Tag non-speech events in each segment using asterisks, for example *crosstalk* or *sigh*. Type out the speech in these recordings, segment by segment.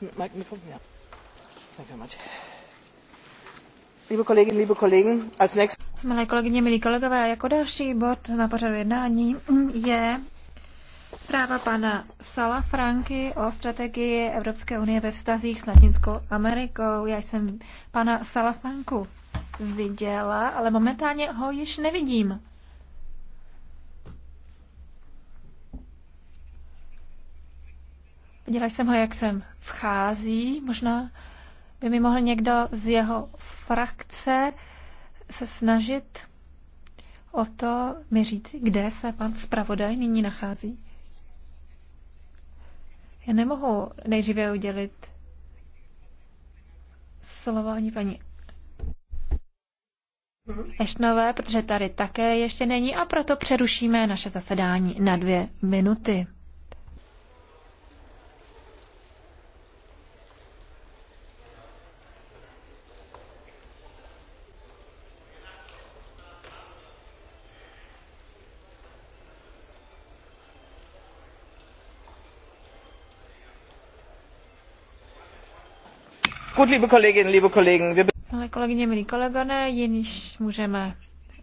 Milé kolegyně, milí kolegové, jako další bod na pořadu jednání je zpráva pana Sala Franky o strategii Evropské unie ve vztazích s Latinskou Amerikou. Já jsem pana Sala Franku viděla, ale momentálně ho již nevidím. Viděla jsem ho, jak sem vchází. Možná by mi mohl někdo z jeho frakce se snažit o to mi říci, kde se pan zpravodaj nyní nachází. Já nemohu nejdříve udělit slovo ani paní Ešnové, protože tady také ještě není a proto přerušíme naše zasedání na dvě minuty. Gut, liebe Kolleginnen, liebe Kollegen, wir... Milé kolegyně, milí kolegové, již můžeme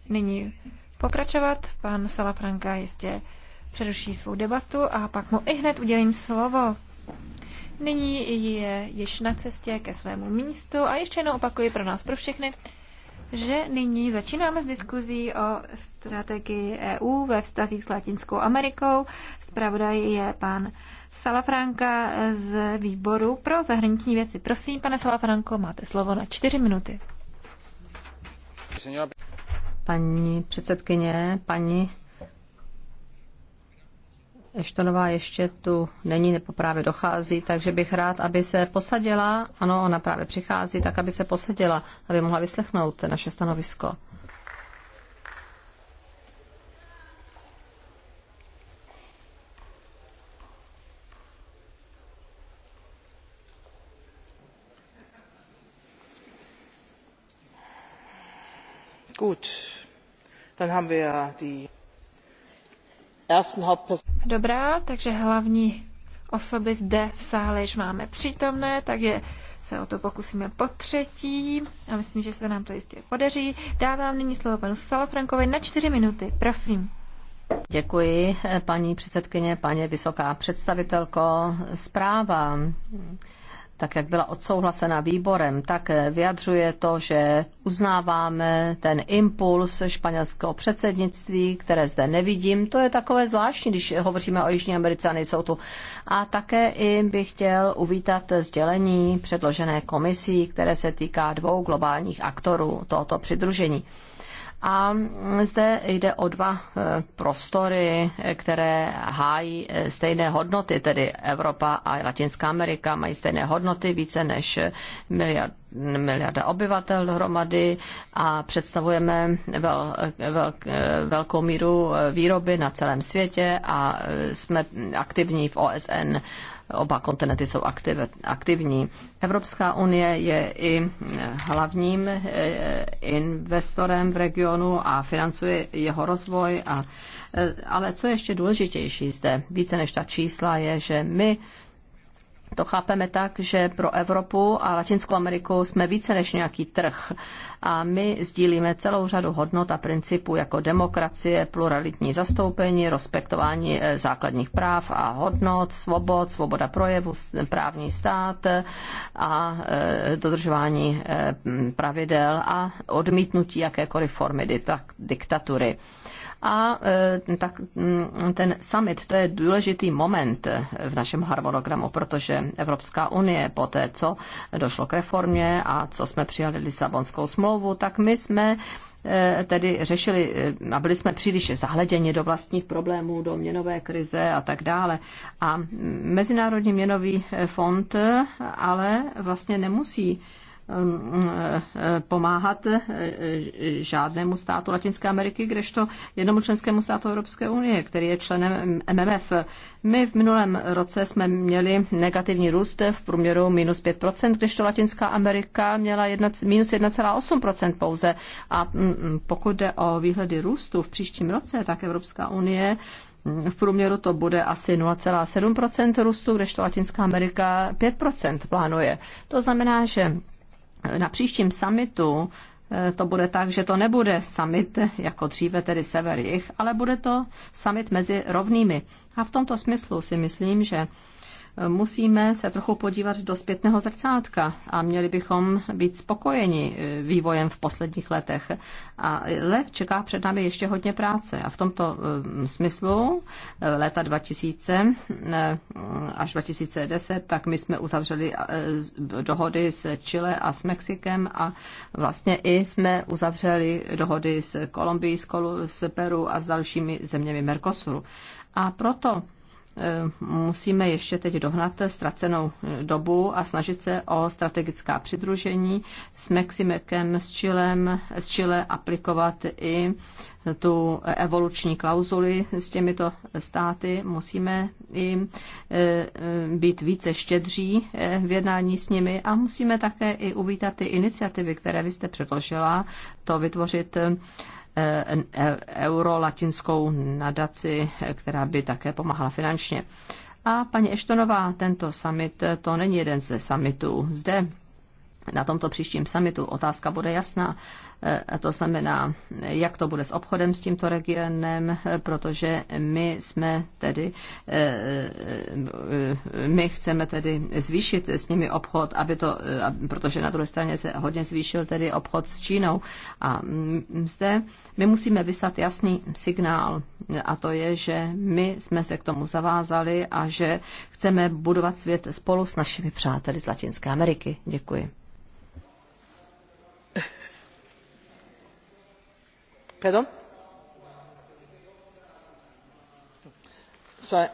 nyní pokračovat. Pan Salafranka jistě přeruší svou debatu a pak mu i hned udělím slovo. Nyní je již na cestě ke svému místu a ještě jednou opakuji pro nás, pro všechny, že nyní začínáme s diskuzí o strategii EU ve vztazích s Latinskou Amerikou. Spravodaj je pan Salafranka z výboru pro zahraniční věci. Prosím, pane Salafranko, máte slovo na čtyři minuty. Paní předsedkyně, paní Eštonová ještě tu není, nebo právě dochází, takže bych rád, aby se posadila, ano, ona právě přichází, tak aby se posadila, aby mohla vyslechnout naše stanovisko. Dobrá, takže hlavní osoby zde v sále již máme přítomné, takže se o to pokusíme po třetí a myslím, že se nám to jistě podaří. Dávám nyní slovo panu Salofrankovi na čtyři minuty, prosím. Děkuji, paní předsedkyně, paní vysoká představitelko. Zpráva tak jak byla odsouhlasena výborem, tak vyjadřuje to, že uznáváme ten impuls španělského předsednictví, které zde nevidím. To je takové zvláštní, když hovoříme o Jižní Americe a nejsou tu. A také i bych chtěl uvítat sdělení předložené komisí, které se týká dvou globálních aktorů tohoto přidružení. A zde jde o dva eh, prostory, které hájí eh, stejné hodnoty, tedy Evropa a Latinská Amerika mají stejné hodnoty, více než miliard miliarda obyvatel dohromady a představujeme vel, vel, eh, velkou míru výroby na celém světě a jsme aktivní v OSN Oba kontinenty jsou aktiv, aktivní. Evropská unie je i eh, hlavním eh, investorem v regionu a financuje jeho rozvoj. A, eh, ale co ještě důležitější zde, více než ta čísla, je, že my to chápeme tak, že pro Evropu a Latinskou Ameriku jsme více než nějaký trh. A my sdílíme celou řadu hodnot a principů jako demokracie, pluralitní zastoupení, respektování eh, základních práv a hodnot, svobod, svoboda projevu, právní stát eh, a eh, dodržování pravidel a odmítnutí jakékoliv formy diktatury. A e, tak mm, ten summit, to je důležitý moment v našem harmonogramu, protože Evropská unie po té, co došlo k reformě a co jsme přijali Lisabonskou smlouvu, tak my jsme e, tedy řešili e, a byli jsme příliš zahleděni do vlastních problémů, do měnové krize a tak dále. A Mezinárodní měnový fond ale vlastně nemusí Um, um, pomáhat eh, žádnému státu Latinské Ameriky, kdežto jednomu členskému státu Evropské unie, který je členem MMF. My v minulém roce jsme měli negativní růst v průměru minus 5%, kdežto Latinská Amerika měla jedna, minus 1,8% pouze. A mm, mm, pokud jde o výhledy růstu v příštím roce, tak Evropská unie mm, v průměru to bude asi 0,7% růstu, kdežto Latinská Amerika 5% plánuje. To znamená, že na příštím summitu eh, to bude tak, že to nebude summit jako dříve, tedy sever jich, ale bude to summit mezi rovnými. A v tomto smyslu si myslím, že musíme se trochu podívat do zpětného zrcátka a měli bychom být spokojeni eh, vývojem v posledních letech. A čeká před námi ještě hodně práce a v tomto eh, smyslu eh, léta 2000 až 2010, tak my jsme uzavřeli dohody s Chile a s Mexikem a vlastně i jsme uzavřeli dohody s Kolumbií, s Peru a s dalšími zeměmi Mercosuru. A proto Eh, musíme ještě teď dohnat ztracenou eh, dobu a snažit se o strategická přidružení s Meximekem, s, Chilem, s Chile aplikovat i tu evoluční klauzuli s těmito státy. Musíme i eh, být více štědří v jednání s nimi a musíme také i uvítat ty iniciativy, které vy jste předložila, to vytvořit E, e, euro-latinskou nadaci, která by také pomáhala finančně. A paní Eštonová, tento summit, to není jeden ze summitů. Zde na tomto příštím summitu otázka bude jasná. Eh, a to znamená, jak to bude s obchodem s tímto regionem, eh, protože my jsme tedy, eh, my chceme tedy zvýšit s nimi obchod, aby to, protože na druhé straně se hodně zvýšil tedy obchod s Čínou. A mm, zde my musíme vyslat jasný signál a to je, že my jsme se k tomu zavázali a že chceme budovat svět spolu s našimi přáteli z Latinské Ameriky. Děkuji. Pardon? Sorry,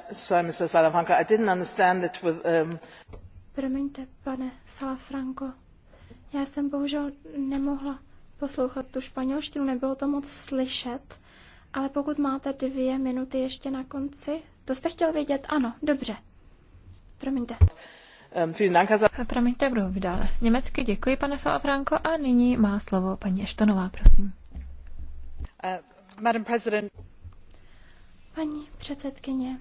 um, Promiňte, pane Salafranco, já jsem bohužel nemohla poslouchat tu španělštinu, nebylo to moc slyšet, ale pokud máte dvě minuty ještě na konci, to jste chtěl vědět? Ano, dobře. Promiňte. Um, Promiňte, budu dále. Německy děkuji, pane Salafranco, a nyní má slovo paní Eštonová, prosím. Uh, Paní předsedkyně,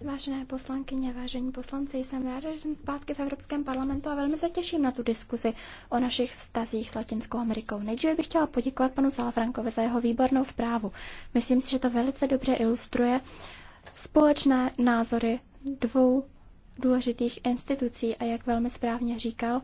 vážené poslankyně, vážení poslanci, jsem ráda, že jsem zpátky v Evropském parlamentu a velmi se těším na tu diskuzi o našich vztazích s Latinskou Amerikou. Nejdříve bych chtěla poděkovat panu Salafrankovi za jeho výbornou zprávu. Myslím si, že to velice dobře ilustruje společné názory dvou důležitých institucí a jak velmi správně říkal,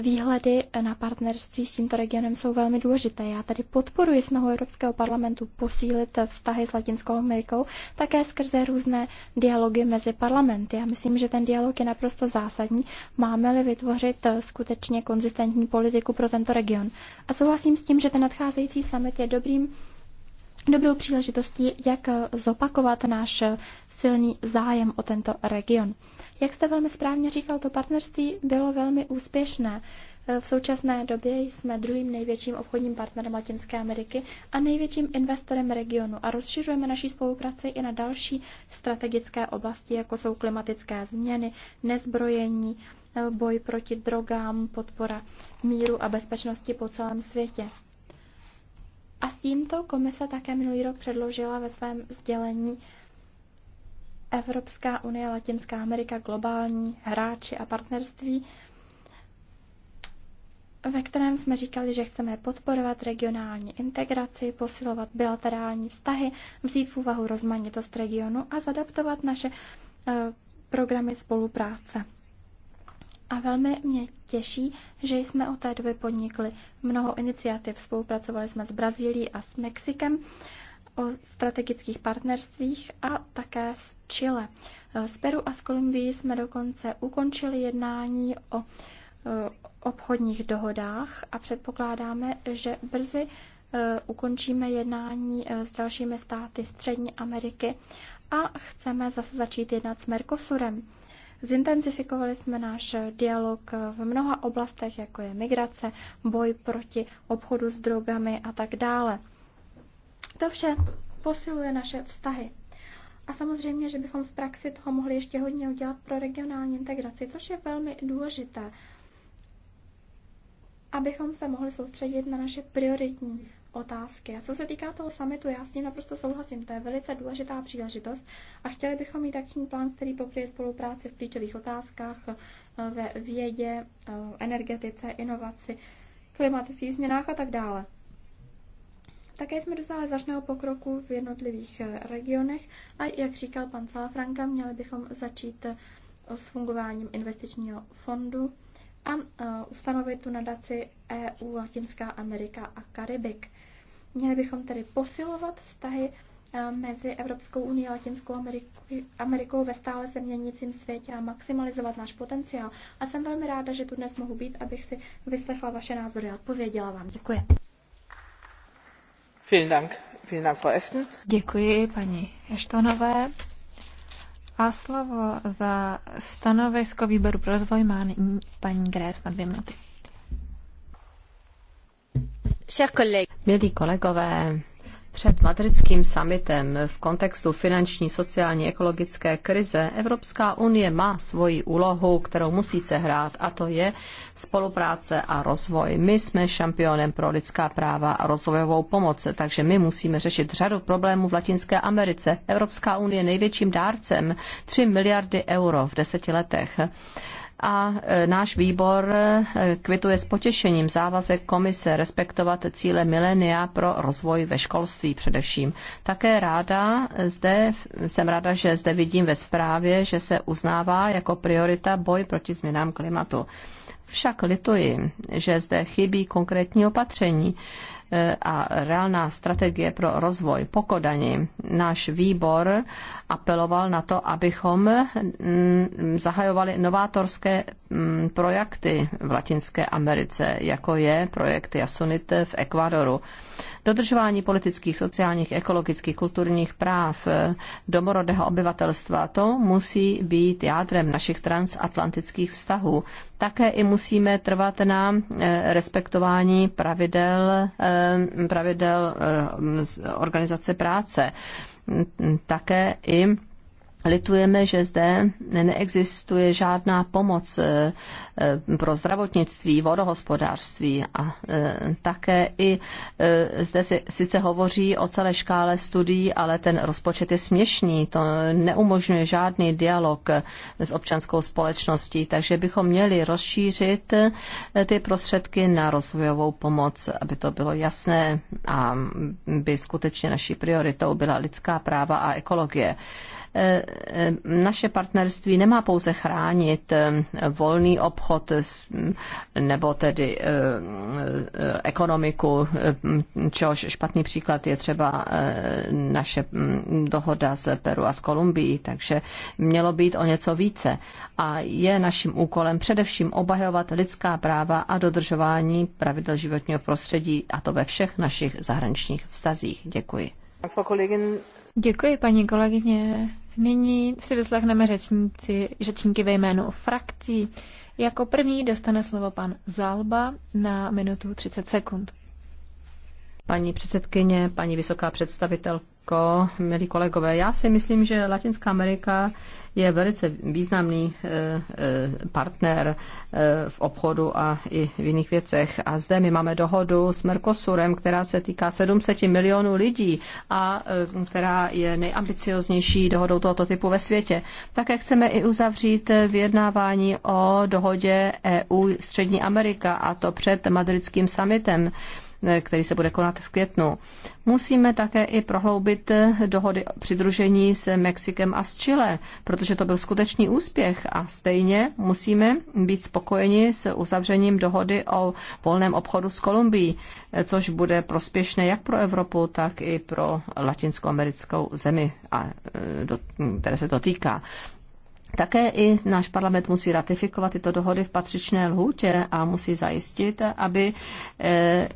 výhledy na partnerství s tímto regionem jsou velmi důležité. Já tady podporuji snahu Evropského parlamentu posílit vztahy s Latinskou Amerikou také skrze různé dialogy mezi parlamenty. Já myslím, že ten dialog je naprosto zásadní. Máme-li vytvořit eh, skutečně konzistentní politiku pro tento region. A souhlasím s tím, že ten nadcházející summit je dobrým dobrou příležitostí, jak eh, zopakovat náš eh, silný zájem o tento region. Jak jste velmi správně říkal, to partnerství bylo velmi úspěšné. V současné době jsme druhým největším obchodním partnerem Latinské Ameriky a největším investorem regionu a rozšiřujeme naší spolupráci i na další strategické oblasti, jako jsou klimatické změny, nezbrojení, boj proti drogám, podpora míru a bezpečnosti po celém světě. A s tímto komise také minulý rok předložila ve svém sdělení Evropská unie, Latinská Amerika, globální hráči a partnerství, ve kterém jsme říkali, že chceme podporovat regionální integraci, posilovat bilaterální vztahy, vzít v úvahu rozmanitost regionu a zadaptovat naše eh, programy spolupráce. A velmi mě těší, že jsme od té doby podnikli mnoho iniciativ. Spolupracovali jsme s Brazílií a s Mexikem o strategických partnerstvích a také s Chile. S Peru a s Kolumbií jsme dokonce ukončili jednání o e, obchodních dohodách a předpokládáme, že brzy e, ukončíme jednání e, s dalšími státy Střední Ameriky a chceme zase začít jednat s Mercosurem. Zintenzifikovali jsme náš dialog v mnoha oblastech, jako je migrace, boj proti obchodu s drogami a tak dále. To vše posiluje naše vztahy. A samozřejmě, že bychom v praxi toho mohli ještě hodně udělat pro regionální integraci, což je velmi důležité, abychom se mohli soustředit na naše prioritní otázky. A co se týká toho summitu, já s ním naprosto souhlasím, to je velice důležitá příležitost a chtěli bychom mít akční plán, který pokryje spolupráci v klíčových otázkách eh, ve vědě, eh, energetice, inovaci, klimatických změnách a tak dále. Také jsme dosáhli značného pokroku v jednotlivých eh, regionech a jak říkal pan Salafranka, měli bychom začít eh, s fungováním investičního fondu a eh, ustanovit tu nadaci EU, Latinská Amerika a Karibik. Měli bychom tedy posilovat vztahy mezi Evropskou unii a Latinskou Amerikou ve stále se měnícím světě a maximalizovat náš potenciál. A jsem velmi ráda, že tu dnes mohu být, abych si vyslechla vaše názory a odpověděla vám. Děkuji. Děkuji paní Eštonové. A slovo za stanovisko výboru pro rozvoj má nyní paní Grés na dvě minuty. Milí kolegové, před madridským summitem v kontextu finanční, sociální, ekologické krize Evropská unie má svoji úlohu, kterou musí sehrát, a to je spolupráce a rozvoj. My jsme šampionem pro lidská práva a rozvojovou pomoc, takže my musíme řešit řadu problémů v Latinské Americe. Evropská unie je největším dárcem 3 miliardy euro v deseti letech a e, náš výbor e, kvituje s potěšením závazek komise respektovat cíle milénia pro rozvoj ve školství především. Také ráda zde, jsem ráda, že zde vidím ve zprávě, že se uznává jako priorita boj proti změnám klimatu. Však lituji, že zde chybí konkrétní opatření E, a reálná strategie pro rozvoj pokodaní. Náš výbor apeloval na to, abychom mm, zahajovali novátorské mm, projekty v Latinské Americe, jako je projekt Jasunit v Ekvadoru. Dodržování politických, sociálních, ekologických, kulturních práv e, domorodého obyvatelstva, to musí být jádrem našich transatlantických vztahů. Také i musíme trvat na eh, respektování pravidel, eh, pravidel eh, organizace práce. Také i Litujeme, že zde neexistuje žádná pomoc eh, eh, pro zdravotnictví, vodohospodářství a eh, také i zde si, sice hovoří o celé škále studií, ale ten rozpočet je směšný, to neumožňuje žádný dialog s občanskou společností, takže bychom měli rozšířit ty prostředky na rozvojovou pomoc, aby to bylo jasné a mm, by skutečně naší prioritou byla lidská práva a ekologie. Eh, eh, naše partnerství nemá pouze chránit eh, volný obchod nebo tedy ekonomiku, čehož špatný příklad je třeba naše mm, dohoda s Peru a s Kolumbií, takže mělo být o něco více. A je naším úkolem především obhajovat lidská práva a dodržování pravidel životního prostředí, a to ve všech našich zahraničních vztazích. Děkuji. Děkuji, paní kolegyně. Nyní si vyslechneme řečníci, řečníky ve jménu frakcí. Jako první dostane slovo pan Zalba na minutu 30 sekund. Paní předsedkyně, paní vysoká představitelka, Marko, milí kolegové, já si myslím, že Latinská Amerika je velice významný eh, eh, partner eh, v obchodu a i v jiných věcech. A zde my máme dohodu s Mercosurem, která se týká 700 milionů lidí a která je nejambicioznější dohodou tohoto typu ve světě. Také chceme i uzavřít vyjednávání o dohodě EU Střední Amerika a to před madridským summitem. Eh, který se bude konat v květnu. Musíme také i prohloubit eh, dohody přidružení s Mexikem a s Chile, protože to byl skutečný úspěch a stejně musíme být spokojeni s uzavřením dohody o volném obchodu s Kolumbií, eh, což bude prospěšné jak pro Evropu, tak i pro latinskoamerickou zemi, a, do, které se to týká. Také i náš parlament musí ratifikovat tyto dohody v patřičné lhůtě a musí zajistit, aby eh,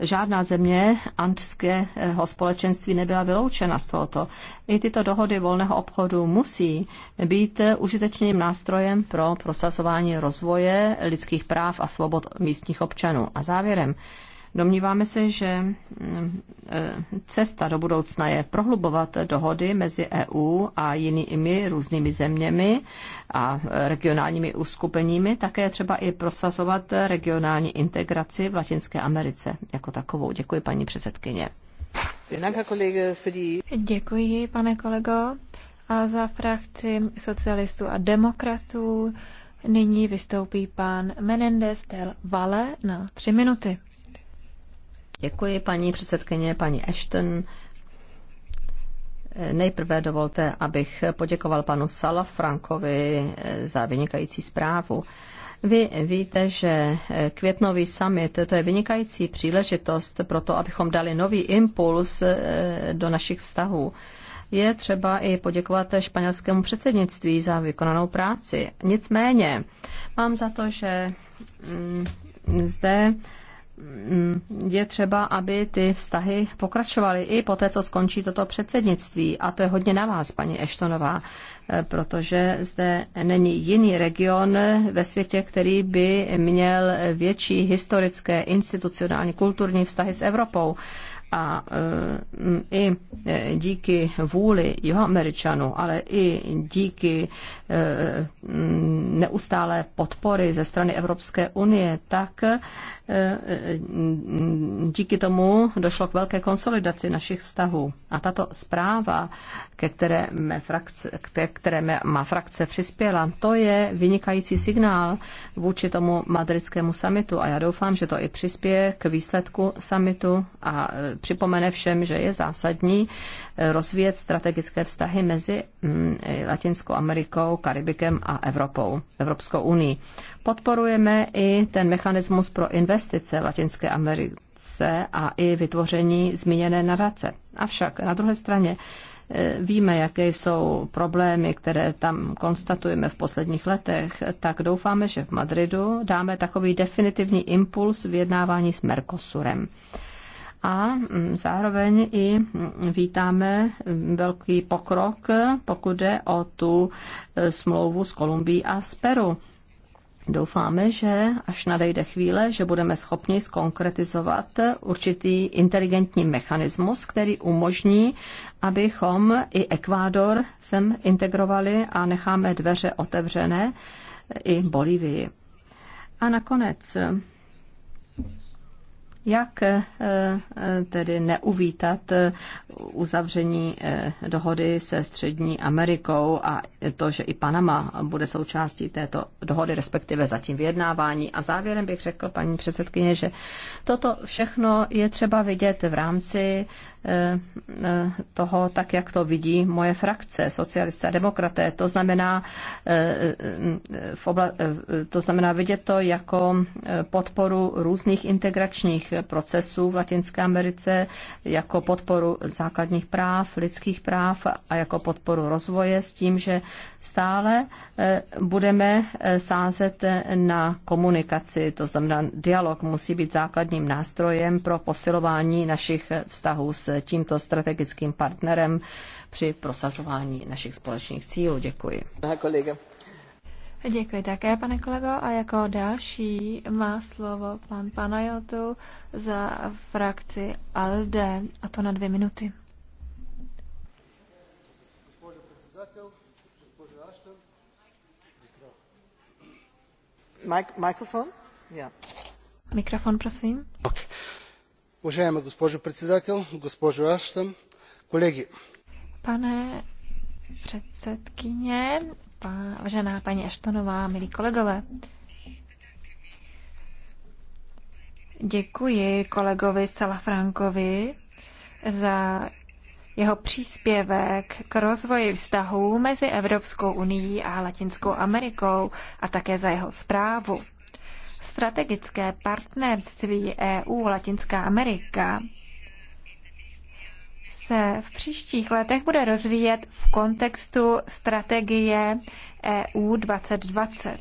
žádná země antského společenství nebyla vyloučena z tohoto. I tyto dohody volného obchodu musí být užitečným nástrojem pro prosazování rozvoje lidských práv a svobod místních občanů. A závěrem Domníváme se, že mm, e, cesta do budoucna je prohlubovat dohody mezi EU a jinými různými zeměmi a regionálními uskupeními, také třeba i prosazovat regionální integraci v Latinské Americe jako takovou. Děkuji, paní předsedkyně. Děkuji, pane kolego. A za frakci socialistů a demokratů nyní vystoupí pan Menendez del Valle na tři minuty. Děkuji, paní předsedkyně, paní Ashton. Nejprve dovolte, abych poděkoval panu Sala Frankovi eh, za vynikající zprávu. Vy víte, že eh, květnový summit to je vynikající příležitost pro to, abychom dali nový impuls eh, do našich vztahů. Je třeba i poděkovat španělskému předsednictví za vykonanou práci. Nicméně, mám za to, že mm, zde je třeba, aby ty vztahy pokračovaly i po té, co skončí toto předsednictví. A to je hodně na vás, paní Eštonová, eh, protože zde není jiný region ve světě, který by měl větší historické, institucionální, kulturní vztahy s Evropou a e, i e, díky vůli američanů, ale i díky e, neustálé podpory ze strany Evropské unie, tak díky tomu došlo k velké konsolidaci našich vztahů. A tato zpráva, ke které, mé frakce, ke které mé, má frakce přispěla, to je vynikající signál vůči tomu madridskému samitu a já doufám, že to i přispěje k výsledku samitu a připomene všem, že je zásadní eh, rozvíjet strategické vztahy mezi mm, eh, Latinskou Amerikou, Karibikem a Evropou, Evropskou unii. Podporujeme i ten mechanismus pro investice v Latinské Americe a i vytvoření zmíněné nadace. Avšak na druhé straně eh, víme, jaké jsou problémy, které tam konstatujeme v posledních letech, tak doufáme, že v Madridu dáme takový definitivní impuls vyjednávání s Mercosurem a mm, zároveň i mm, vítáme mm, velký pokrok, pokud jde o tu e, smlouvu s Kolumbií a s Peru. Doufáme, že až nadejde chvíle, že budeme schopni skonkretizovat určitý inteligentní mechanismus, který umožní, abychom i Ekvádor sem integrovali a necháme dveře otevřené i Bolívii. A nakonec jak eh, eh, tedy neuvítat eh, uzavření dohody se Střední Amerikou a to, že i Panama bude součástí této dohody, respektive zatím vyjednávání. A závěrem bych řekl, paní předsedkyně, že toto všechno je třeba vidět v rámci Eh, eh, toho, tak jak to vidí moje frakce, socialisté a demokraté. To znamená, eh, v obla, to znamená vidět to jako podporu různých integračních procesů v Latinské Americe, jako podporu základních práv, lidských práv a jako podporu rozvoje s tím, že stále budeme sázet na komunikaci, to znamená dialog musí být základním nástrojem pro posilování našich vztahů s tímto strategickým partnerem při prosazování našich společných cílů. Děkuji. Děkuji také, pane kolego. A jako další má slovo pan Panajotu za frakci ALDE, a to na dvě minuty. Mikrofon, prosím. Okay. Уважаема госпожо председател, госпожо Аштън, колеги. Pane předsedkyně, vážená paní Aštonová, milí kolegové. Děkuji kolegovi Salafrankovi za jeho příspěvek k rozvoji vztahů mezi Evropskou unii a Latinskou Amerikou a také za jeho zprávu. Strategické partnerství EU Latinská Amerika se v příštích letech bude rozvíjet v kontextu strategie EU 2020.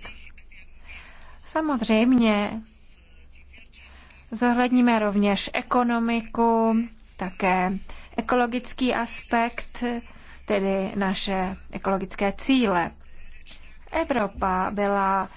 Samozřejmě zohledníme rovněž ekonomiku, také ekologický aspekt, tedy naše ekologické cíle. Evropa byla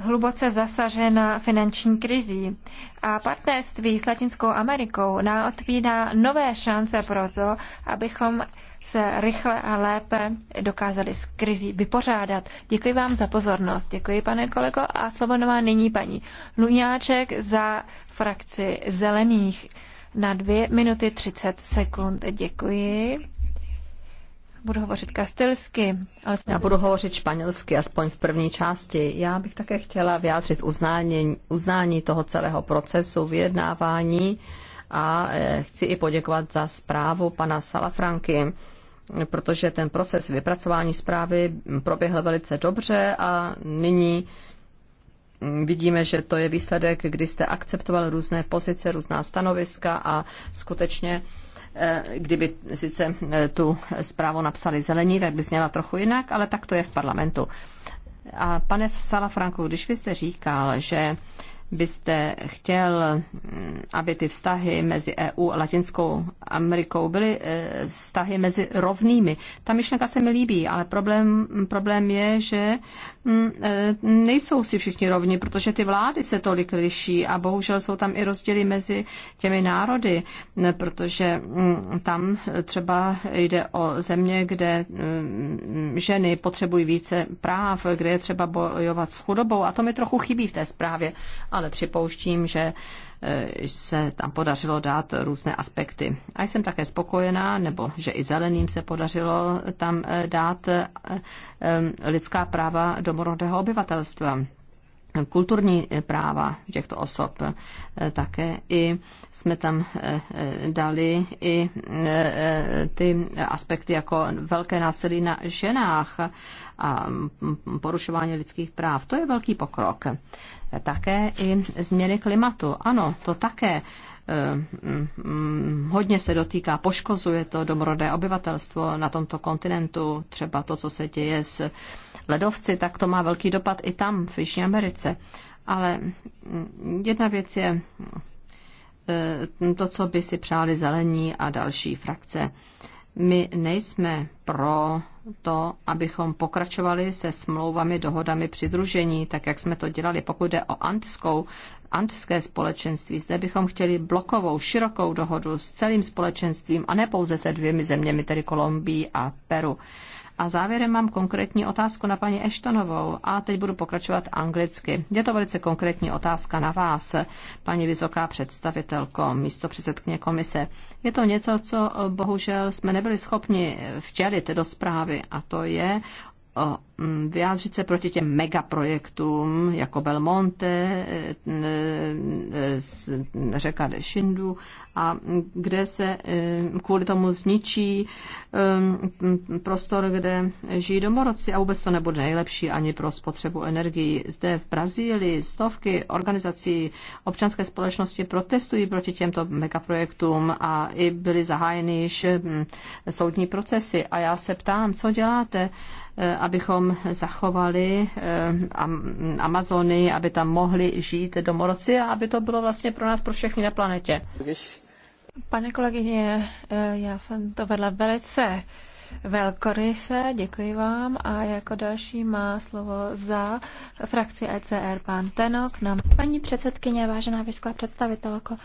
hluboce zasažena finanční krizí a partnerství s Latinskou Amerikou nám otvírá nové šance pro to, abychom se rychle a lépe dokázali s krizí vypořádat. Děkuji vám za pozornost. Děkuji, pane kolego. A slovo má nyní paní Luňáček za frakci Zelených na 2 minuty 30 sekund. Děkuji budu hovořit kastilsky. Ale... Já budu hovořit španělsky, aspoň v první části. Já bych také chtěla vyjádřit uznání, uznání toho celého procesu vyjednávání a eh, chci i poděkovat za zprávu pana Salafranky, protože ten proces vypracování zprávy proběhl velice dobře a nyní mm, vidíme, že to je výsledek, kdy jste akceptoval různé pozice, různá stanoviska a skutečně Eh, kdyby sice eh, tu zprávu napsali zelení, tak by zněla trochu jinak, ale tak to je v parlamentu. A pane Salafranku, když vy jste říkal, že byste chtěl, mm, aby ty vztahy mezi EU a Latinskou Amerikou byly eh, vztahy mezi rovnými. Ta myšlenka se mi líbí, ale problém, problém je, že Mm, e, nejsou si všichni rovni, protože ty vlády se tolik liší a bohužel jsou tam i rozdíly mezi těmi národy, protože mm, tam třeba jde o země, kde mm, ženy potřebují více práv, kde je třeba bojovat s chudobou a to mi trochu chybí v té zprávě, ale připouštím, že se tam podařilo dát různé aspekty. A jsem také spokojená, nebo že i zeleným se podařilo tam eh, dát eh, eh, lidská práva domorodého obyvatelstva kulturní práva těchto osob. E, také i jsme tam e, e, dali i ty aspekty jako velké násilí na ženách a porušování lidských práv. To je velký pokrok. Také i změny klimatu. Ano, to také mm, hodně se dotýká, poškozuje to domorodé obyvatelstvo na tomto kontinentu, třeba to, co se děje s ledovci, tak to má velký dopad i tam, v Jižní Americe. Ale jedna věc je eh, to, co by si přáli zelení a další frakce. My nejsme pro to, abychom pokračovali se smlouvami, dohodami přidružení, tak jak jsme to dělali, pokud jde o antskou, antské společenství. Zde bychom chtěli blokovou, širokou dohodu s celým společenstvím a ne pouze se dvěmi zeměmi, tedy Kolumbií a Peru. A závěrem mám konkrétní otázku na paní Eštonovou a teď budu pokračovat anglicky. Je to velice konkrétní otázka na vás, paní vysoká představitelko, místo předsedkyně komise. Je to něco, co bohužel jsme nebyli schopni vtělit do zprávy a to je Mm, vyjádřit se proti těm megaprojektům jako Belmonte, řeka de Shindu, a kde se mm, kvůli tomu zničí mm, prostor, kde žijí domorodci a vůbec to nebude nejlepší ani pro spotřebu energii. Zde v Brazílii stovky organizací občanské společnosti protestují proti těmto megaprojektům a i byly zahájeny již soudní procesy. A já se ptám, co děláte Eh, abychom zachovali eh, Amazony, aby tam mohli žít domorodci a aby to bylo vlastně pro nás, pro všechny na planetě. Pane kolegyně, eh, já jsem to vedla velice velkoryse, děkuji vám a jako další má slovo za frakci ECR pán Tenok. Na... Paní předsedkyně, vážená vysoká představitelko,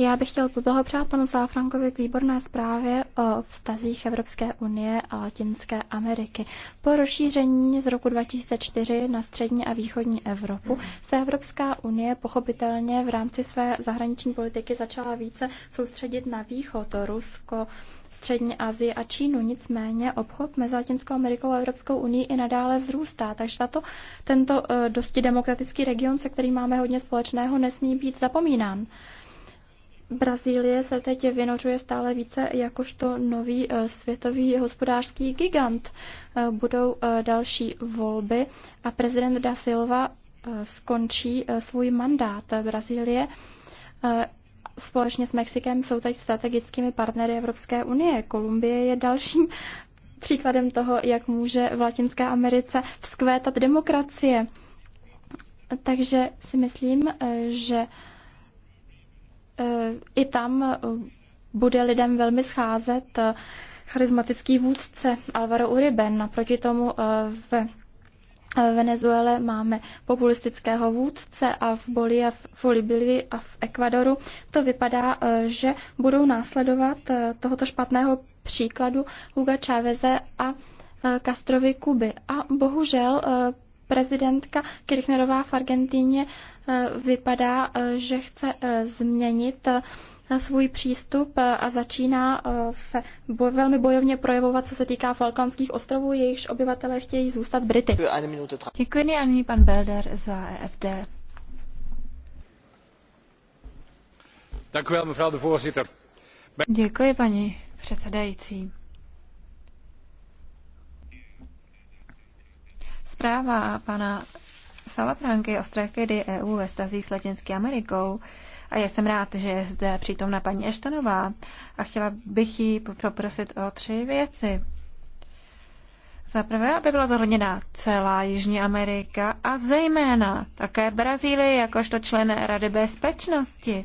já bych chtěl poblahopřát panu Záfrankovi k výborné zprávě o vztazích Evropské unie a Latinské Ameriky. Po rozšíření z roku 2004 na střední a východní Evropu se Evropská unie pochopitelně v rámci své zahraniční politiky začala více soustředit na východ, Rusko, Střední Asii a Čínu. Nicméně obchod mezi Latinskou Amerikou a Evropskou unii i nadále vzrůstá, takže tato, tento eh, dosti demokratický region, se kterým máme hodně společného, nesmí být zapomínán. Brazílie se teď vynořuje stále více jakožto nový eh, světový hospodářský gigant. Eh, budou eh, další volby a prezident da Silva skončí svůj mandát. Brazílie společně s Mexikem jsou teď strategickými partnery Evropské unie. Kolumbie je dalším *laughs* příkladem toho, jak může v Latinské Americe vzkvétat demokracie. Takže si myslím, že i tam e, bude lidem velmi scházet e, charismatický vůdce Alvaro Uribe. Naproti tomu e, v Venezuele máme populistického vůdce a v Bolí a v Bolívii a v Ekvadoru to vypadá, že budou následovat tohoto špatného příkladu Huga Cháveze a Castrovi Kuby. A bohužel prezidentka Kirchnerová v Argentíně Eh, vypadá, eh, že chce eh, změnit svůj přístup a začíná se boj, velmi bojovně projevovat, co se týká Falkanských ostrovů, jejichž obyvatelé chtějí zůstat Brity. Děkuji a nyní pan Belder za EFD. Děkuji, paní předsedající. Zpráva pana Salafranky o strategii EU ve stazích s Latinskou Amerikou. A já jsem rád, že je zde přítomna paní Eštanová a chtěla bych ji poprosit o tři věci. Za prvé, aby byla zohledněna celá Jižní Amerika a zejména také Brazílie jakožto člen Rady bezpečnosti.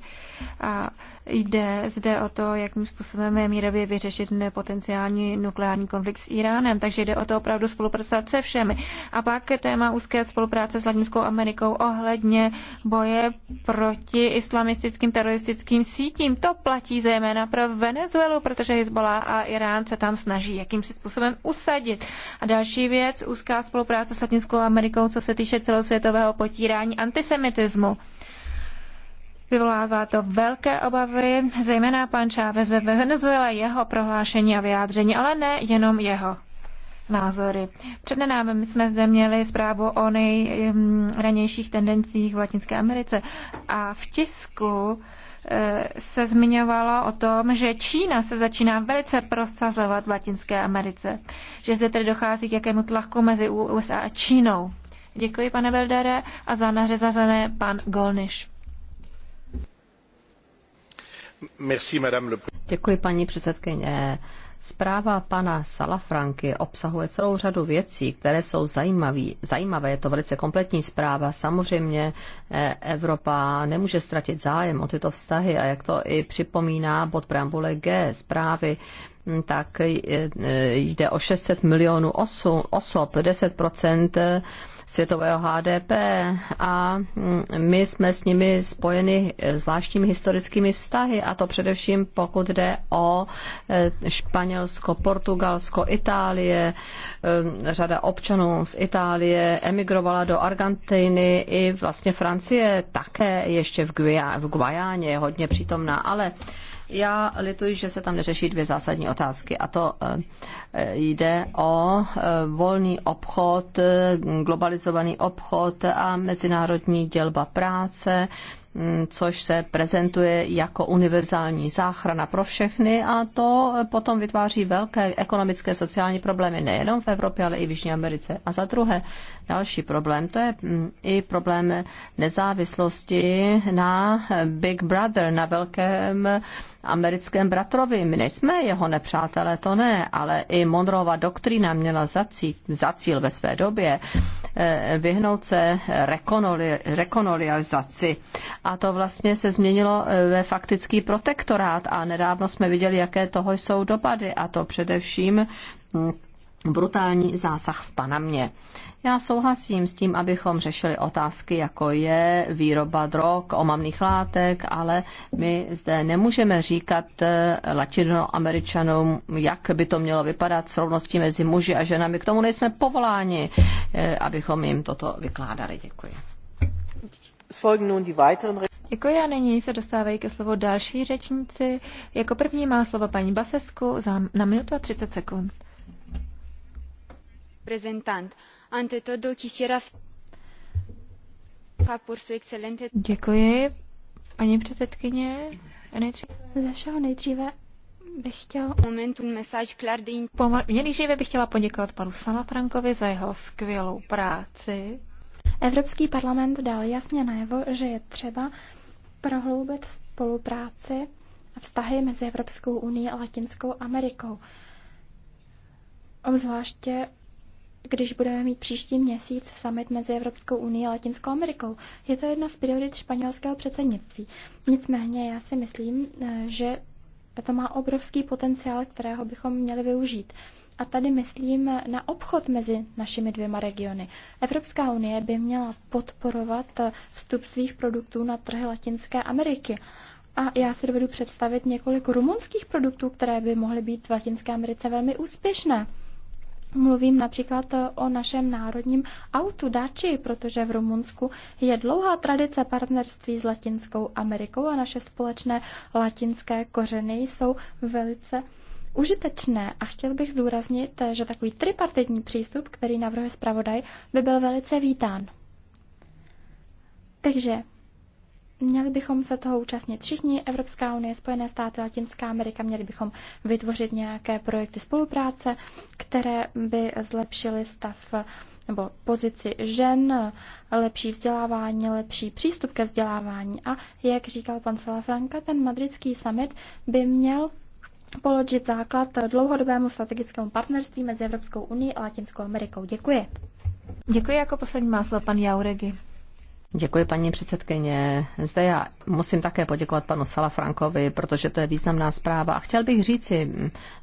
A Jde zde o to, jakým způsobem je mírově vyřešit potenciální nukleární konflikt s Iránem, takže jde o to opravdu spolupracovat se všemi. A pak téma úzké spolupráce s Latinskou Amerikou ohledně boje proti islamistickým teroristickým sítím. To platí zejména pro Venezuelu, protože Hezbollah a Irán se tam snaží jakýmsi způsobem usadit. A další věc, úzká spolupráce s Latinskou Amerikou, co se týče celosvětového potírání antisemitismu. Vyvolává to velké obavy, zejména pan Chávez ve Venezuela, jeho prohlášení a vyjádření, ale ne jenom jeho názory. Před námi jsme zde měli zprávu o nejranějších mm, tendencích v Latinské Americe a v tisku eh, se zmiňovalo o tom, že Čína se začíná velice prosazovat v Latinské Americe, že zde tedy dochází k jakému tlaku mezi USA a Čínou. Děkuji, pane Beldere, a za nařezazené pan Golniš. Děkuji, paní předsedkyně. Zpráva pana Salafranky obsahuje celou řadu věcí, které jsou zajímavý, zajímavé. Je to velice kompletní zpráva. Samozřejmě eh, Evropa nemůže ztratit zájem o tyto vztahy a jak to i připomíná bod preambule G zprávy, Mm, tak e, e, jde o 600 milionů osob, 10 e, světového HDP a mm, my jsme s nimi spojeni zvláštními historickými vztahy a to především pokud jde o Španělsko, Portugalsko, Itálie. Řada občanů z Itálie emigrovala do Argentiny i vlastně Francie také ještě v, Guiá, v Guajáně je hodně přítomná, ale já lituji, že se tam neřeší dvě zásadní otázky a to eh, jde o eh, volný obchod, eh, globalizovaný obchod a mezinárodní dělba práce Mm, což se prezentuje jako univerzální záchrana pro všechny a to potom vytváří velké ekonomické sociální problémy nejenom v Evropě, ale i v Jižní Americe. A za druhé, další problém, to je mm, i problém nezávislosti na Big Brother, na velkém americkém bratrovi. My nejsme jeho nepřátelé, to ne, ale i Monroeova doktrína měla za cíl, za cíl ve své době eh, vyhnout se rekonolizaci a to vlastně se změnilo eh, ve faktický protektorát a nedávno jsme viděli, jaké toho jsou dopady a to především hm, brutální zásah v Panamě. Já souhlasím s tím, abychom řešili otázky, jako je výroba drog, omamných látek, ale my zde nemůžeme říkat eh, latinoameričanům, jak by to mělo vypadat s rovností mezi muži a ženami. K tomu nejsme povoláni, eh, abychom jim toto vykládali. Děkuji. Děkuji a nyní se dostávají ke slovu další řečníci. Jako první má slovo paní Basesku za, na minutu a 30 sekund. Prezentant. Ante todo quisiera Děkuji, paní předsedkyně. Nejdříve. Ze všeho nejdříve bych chtěla... Momentum message clar de... Pomal... Nejdříve bych chtěla poděkovat panu Sanafrankovi za jeho skvělou práci Evropský parlament dal jasně najevo, že je třeba prohloubit spolupráci a vztahy mezi Evropskou unii a Latinskou Amerikou. Obzvláště když budeme mít příští měsíc summit mezi Evropskou unii a Latinskou Amerikou. Je to jedna z priorit španělského předsednictví. Nicméně já si myslím, eh, že to má obrovský potenciál, kterého bychom měli využít. A tady myslím na obchod mezi našimi dvěma regiony. Evropská unie by měla podporovat vstup svých produktů na trhy Latinské Ameriky. A já si dovedu představit několik rumunských produktů, které by mohly být v Latinské Americe velmi úspěšné. Mluvím například o našem národním autu Dači, protože v Rumunsku je dlouhá tradice partnerství s Latinskou Amerikou a naše společné latinské kořeny jsou velice užitečné a chtěl bych zdůraznit, že takový tripartitní přístup, který navrhuje zpravodaj, by byl velice vítán. Takže měli bychom se toho účastnit všichni, Evropská unie, Spojené státy, Latinská Amerika, měli bychom vytvořit nějaké projekty spolupráce, které by zlepšily stav nebo pozici žen, lepší vzdělávání, lepší přístup ke vzdělávání. A jak říkal pan Salafranka, ten madridský summit by měl položit základ dlouhodobému strategickému partnerství mezi Evropskou unii a Latinskou Amerikou. Děkuji. Děkuji jako poslední má slovo pan Jauregi. Děkuji, paní předsedkyně. Zde já musím také poděkovat panu Salafrankovi, protože to je významná zpráva. A chtěl bych říci,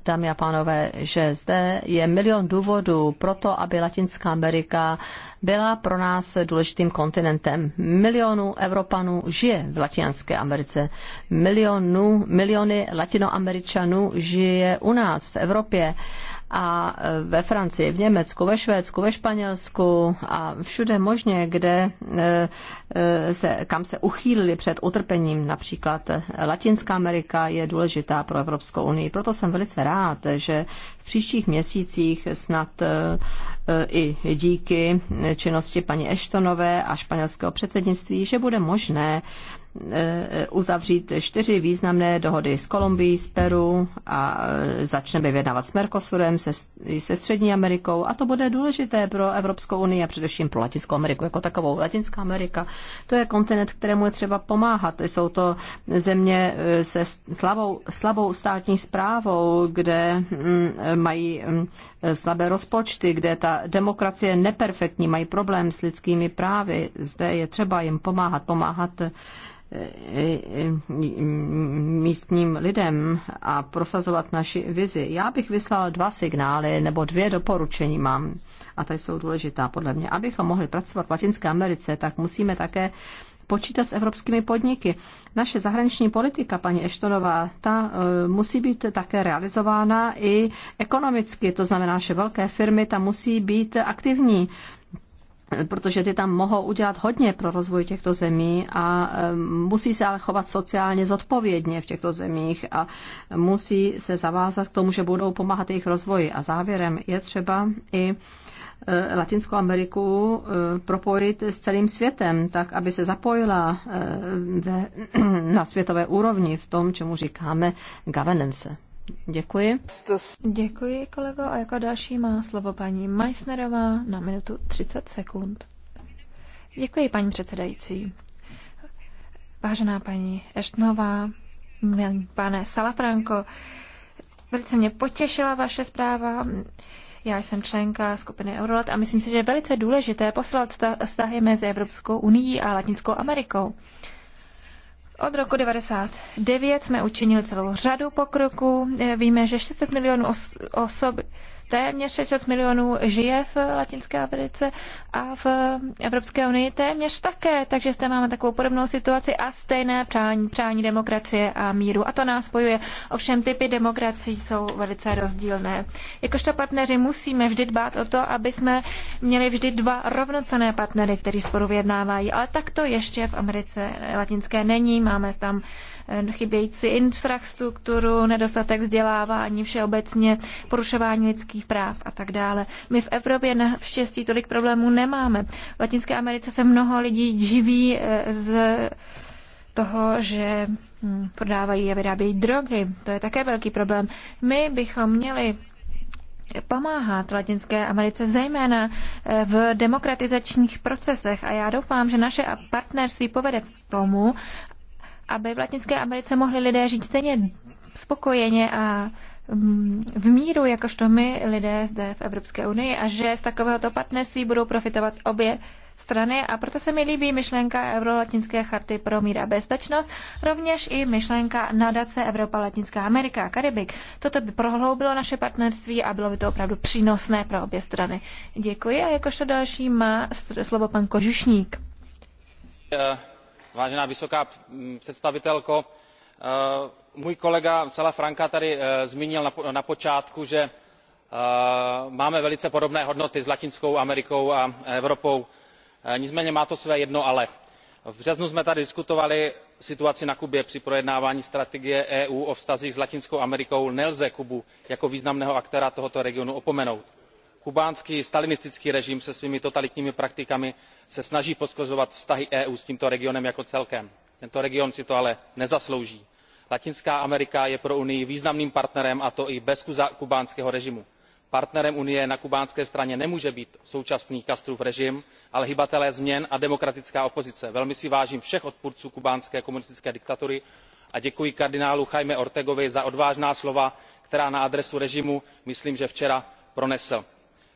dámy a pánové, že zde je milion důvodů pro to, aby Latinská Amerika byla pro nás důležitým kontinentem. Milionů Evropanů žije v Latinské Americe. Milionu, miliony Latinoameričanů žije u nás v Evropě a e, ve Francii, v Německu, ve Švédsku, ve Španělsku a všude možně, kde e, e, se, kam se uchýlili před utrpením. Například Latinská Amerika je důležitá pro Evropskou unii. Proto jsem velice rád, že v příštích měsících snad i díky činnosti paní Eštonové a španělského předsednictví, že bude možné Eh, uzavřít čtyři významné dohody s Kolumbií, s Peru a eh, začneme vyjednávat s Mercosurem, se, se Střední Amerikou a to bude důležité pro Evropskou unii a především pro Latinskou Ameriku jako takovou. Latinská Amerika to je kontinent, kterému je třeba pomáhat. Jsou to země eh, se slabou, slabou státní zprávou, kde hm, mají hm, slabé rozpočty, kde ta demokracie je neperfektní, mají problém s lidskými právy. Zde je třeba jim pomáhat, pomáhat místním lidem a prosazovat naši vizi. Já bych vyslal dva signály nebo dvě doporučení mám a tady jsou důležitá podle mě. Abychom mohli pracovat v Latinské Americe, tak musíme také počítat s evropskými podniky. Naše zahraniční politika, paní Eštonová, ta eh, musí být také realizována i ekonomicky, to znamená, že velké firmy tam musí být aktivní protože ty tam mohou udělat hodně pro rozvoj těchto zemí a musí se ale chovat sociálně zodpovědně v těchto zemích a musí se zavázat k tomu, že budou pomáhat jejich rozvoji. A závěrem je třeba i e, Latinskou Ameriku e, propojit s celým světem, tak aby se zapojila e, *clears throat* na světové úrovni v tom, čemu říkáme governance. Děkuji. Děkuji, kolego. A jako další má slovo paní Meissnerová na minutu 30 sekund. Děkuji, paní předsedající. Vážená paní Eštnová, pane Salafranko, velice mě potěšila vaše zpráva. Já jsem členka skupiny Eurolat a myslím si, že je velice důležité poslat vztahy mezi Evropskou unii a Latinskou Amerikou. Od roku 1999 jsme učinili celou řadu pokroků. E, víme, že 600 milionů os- osob téměř 6 milionů žije v Latinské Americe a v Evropské unii téměř také, takže zde máme takovou podobnou situaci a stejné přání, přání demokracie a míru. A to nás spojuje. Ovšem typy demokracií jsou velice rozdílné. Jakožto partneři musíme vždy dbát o to, aby jsme měli vždy dva rovnocené partnery, kteří spolu vyjednávají. Ale tak to ještě v Americe latinské není. Máme tam eh, chybějící infrastrukturu, nedostatek vzdělávání, všeobecně porušování lidských lidských práv a tak dále. My v Evropě naštěstí tolik problémů nemáme. V Latinské Americe se mnoho lidí živí eh, z toho, že hm, prodávají a vyrábějí drogy. To je také velký problém. My bychom měli pomáhat Latinské Americe, zejména eh, v demokratizačních procesech. A já doufám, že naše partnerství povede k tomu, aby v Latinské Americe mohli lidé žít stejně spokojeně a v míru, jakožto my lidé zde v Evropské unii a že z takovéhoto partnerství budou profitovat obě strany a proto se mi líbí myšlenka Eurolatinské charty pro mír a bezpečnost, rovněž i myšlenka nadace Evropa, Latinská Amerika a Karibik. Toto by prohloubilo naše partnerství a bylo by to opravdu přínosné pro obě strany. Děkuji a jakožto další má slovo pan Kožušník. Eh, vážená vysoká představitelko, Eh, můj kolega salafranca tady eh, zmínil na počátku že eh, máme velice podobné hodnoty s latinskou amerikou a evropou nicméně má to své jedno ale. v březnu jsme tady diskutovali situaci na kubě při projednávání strategie eu o vztazích s latinskou amerikou nelze kubu jako významného aktéra tohoto regionu opomenout. kubánský stalinistický režim se svými totalitními praktikami se snaží poškozovat vztahy eu s tímto regionem jako celkem. tento region si to ale nezaslouží latinská amerika je pro unii významným partnerem a to i bez kubánského režimu. partnerem unie na kubánské straně nemůže být současný castrův režim ale hybatelé změn a demokratická opozice. velmi si vážím všech odpůrců kubánské komunistické diktatury a děkuji kardinálu jaimovi ortegovi za odvážná slova která na adresu režimu myslím že včera pronesl.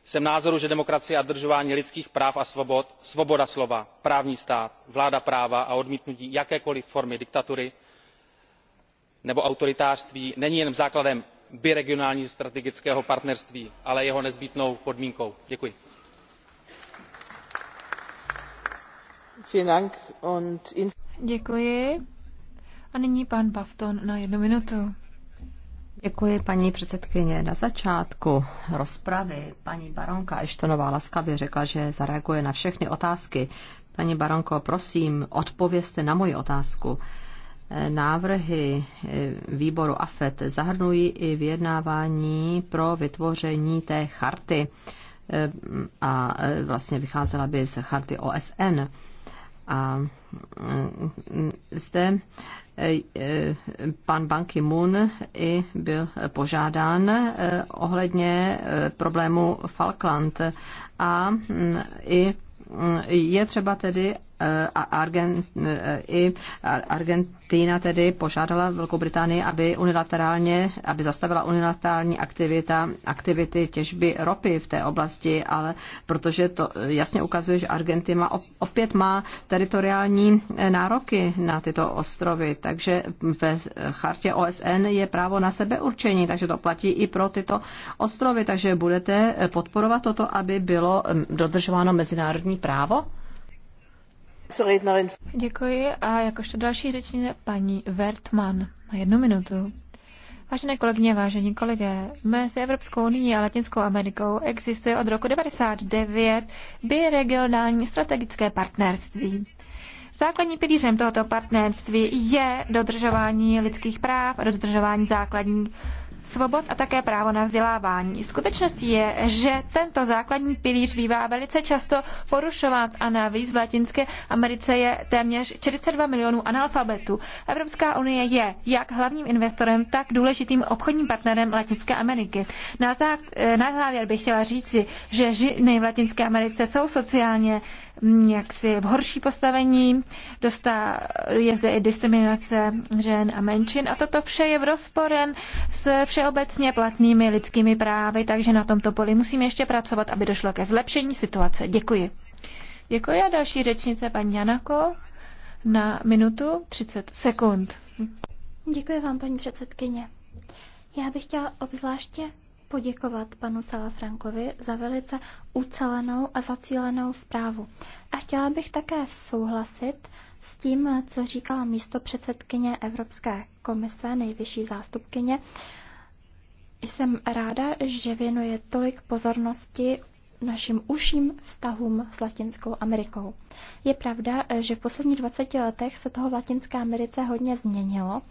jsem názoru že demokracie a dodržování lidských práv a svobod svoboda slova právní stát vláda práva a odmítnutí jakékoliv formy diktatury nebo autoritářství není jen základem biregionálního strategického partnerství ale jeho nezbytnou podmínkou. děkuji. děkuji. A pan na jednu minutu. Děkuji, paní předsedkyně. Na začátku rozpravy paní baronka ashtonová laskavě řekla, že zareaguje na všechny otázky. Paní baronko, prosím, odpovězte na moji otázku návrhy eh, výboru AFET zahrnují i vyjednávání pro vytvoření té charty eh, a eh, vlastně vycházela by z charty OSN. A mm, zde pan Ban Ki-moon i byl požádán ohledně problému Falkland a mm, i mm, je třeba tedy, Argent, i Argentina tedy požádala Velkou Británii, aby unilaterálně, aby zastavila unilaterální aktivita, aktivity těžby ropy v té oblasti, ale protože to jasně ukazuje, že Argentina opět má teritoriální eh, nároky na tyto ostrovy, takže ve chartě OSN je právo na sebeurčení, takže to platí i pro tyto ostrovy, takže budete eh, podporovat toto, aby bylo mm, dodržováno mezinárodní právo? Děkuji a jakožto další řečnice paní Wertmann na jednu minutu. Vážené kolegyně, vážení kolegé, mezi Evropskou unii a Latinskou Amerikou existuje od roku 1999 biregionální strategické partnerství. Základním pilířem tohoto partnerství je dodržování lidských práv a dodržování základních svobod a také právo na vzdělávání. Skutečností je, že tento základní pilíř bývá velice často porušován a navíc v Latinské Americe je téměř 42 milionů analfabetů. Evropská unie je jak hlavním investorem, tak důležitým obchodním partnerem Latinské Ameriky. Na, zá, eh, na závěr bych chtěla říci, že ženy v Latinské Americe jsou sociálně Mm, jaksi v horší postavení, dostá, je zde i diskriminace žen a menšin a toto vše je v rozporen s všeobecně platnými lidskými právy, takže na tomto poli musíme ještě pracovat, aby došlo ke zlepšení situace. Děkuji. Děkuji a další řečnice paní Janako na minutu 30 sekund. Děkuji vám, paní předsedkyně. Já bych chtěla obzvláště poděkovat panu Salafrankovi za velice ucelenou a zacílenou zprávu. A chtěla bych také souhlasit s tím, co říkala místo předsedkyně Evropské komise, nejvyšší zástupkyně. Jsem ráda, že věnuje tolik pozornosti našim užším vztahům s Latinskou Amerikou. Je pravda, že v posledních 20 letech se toho v Latinské Americe hodně změnilo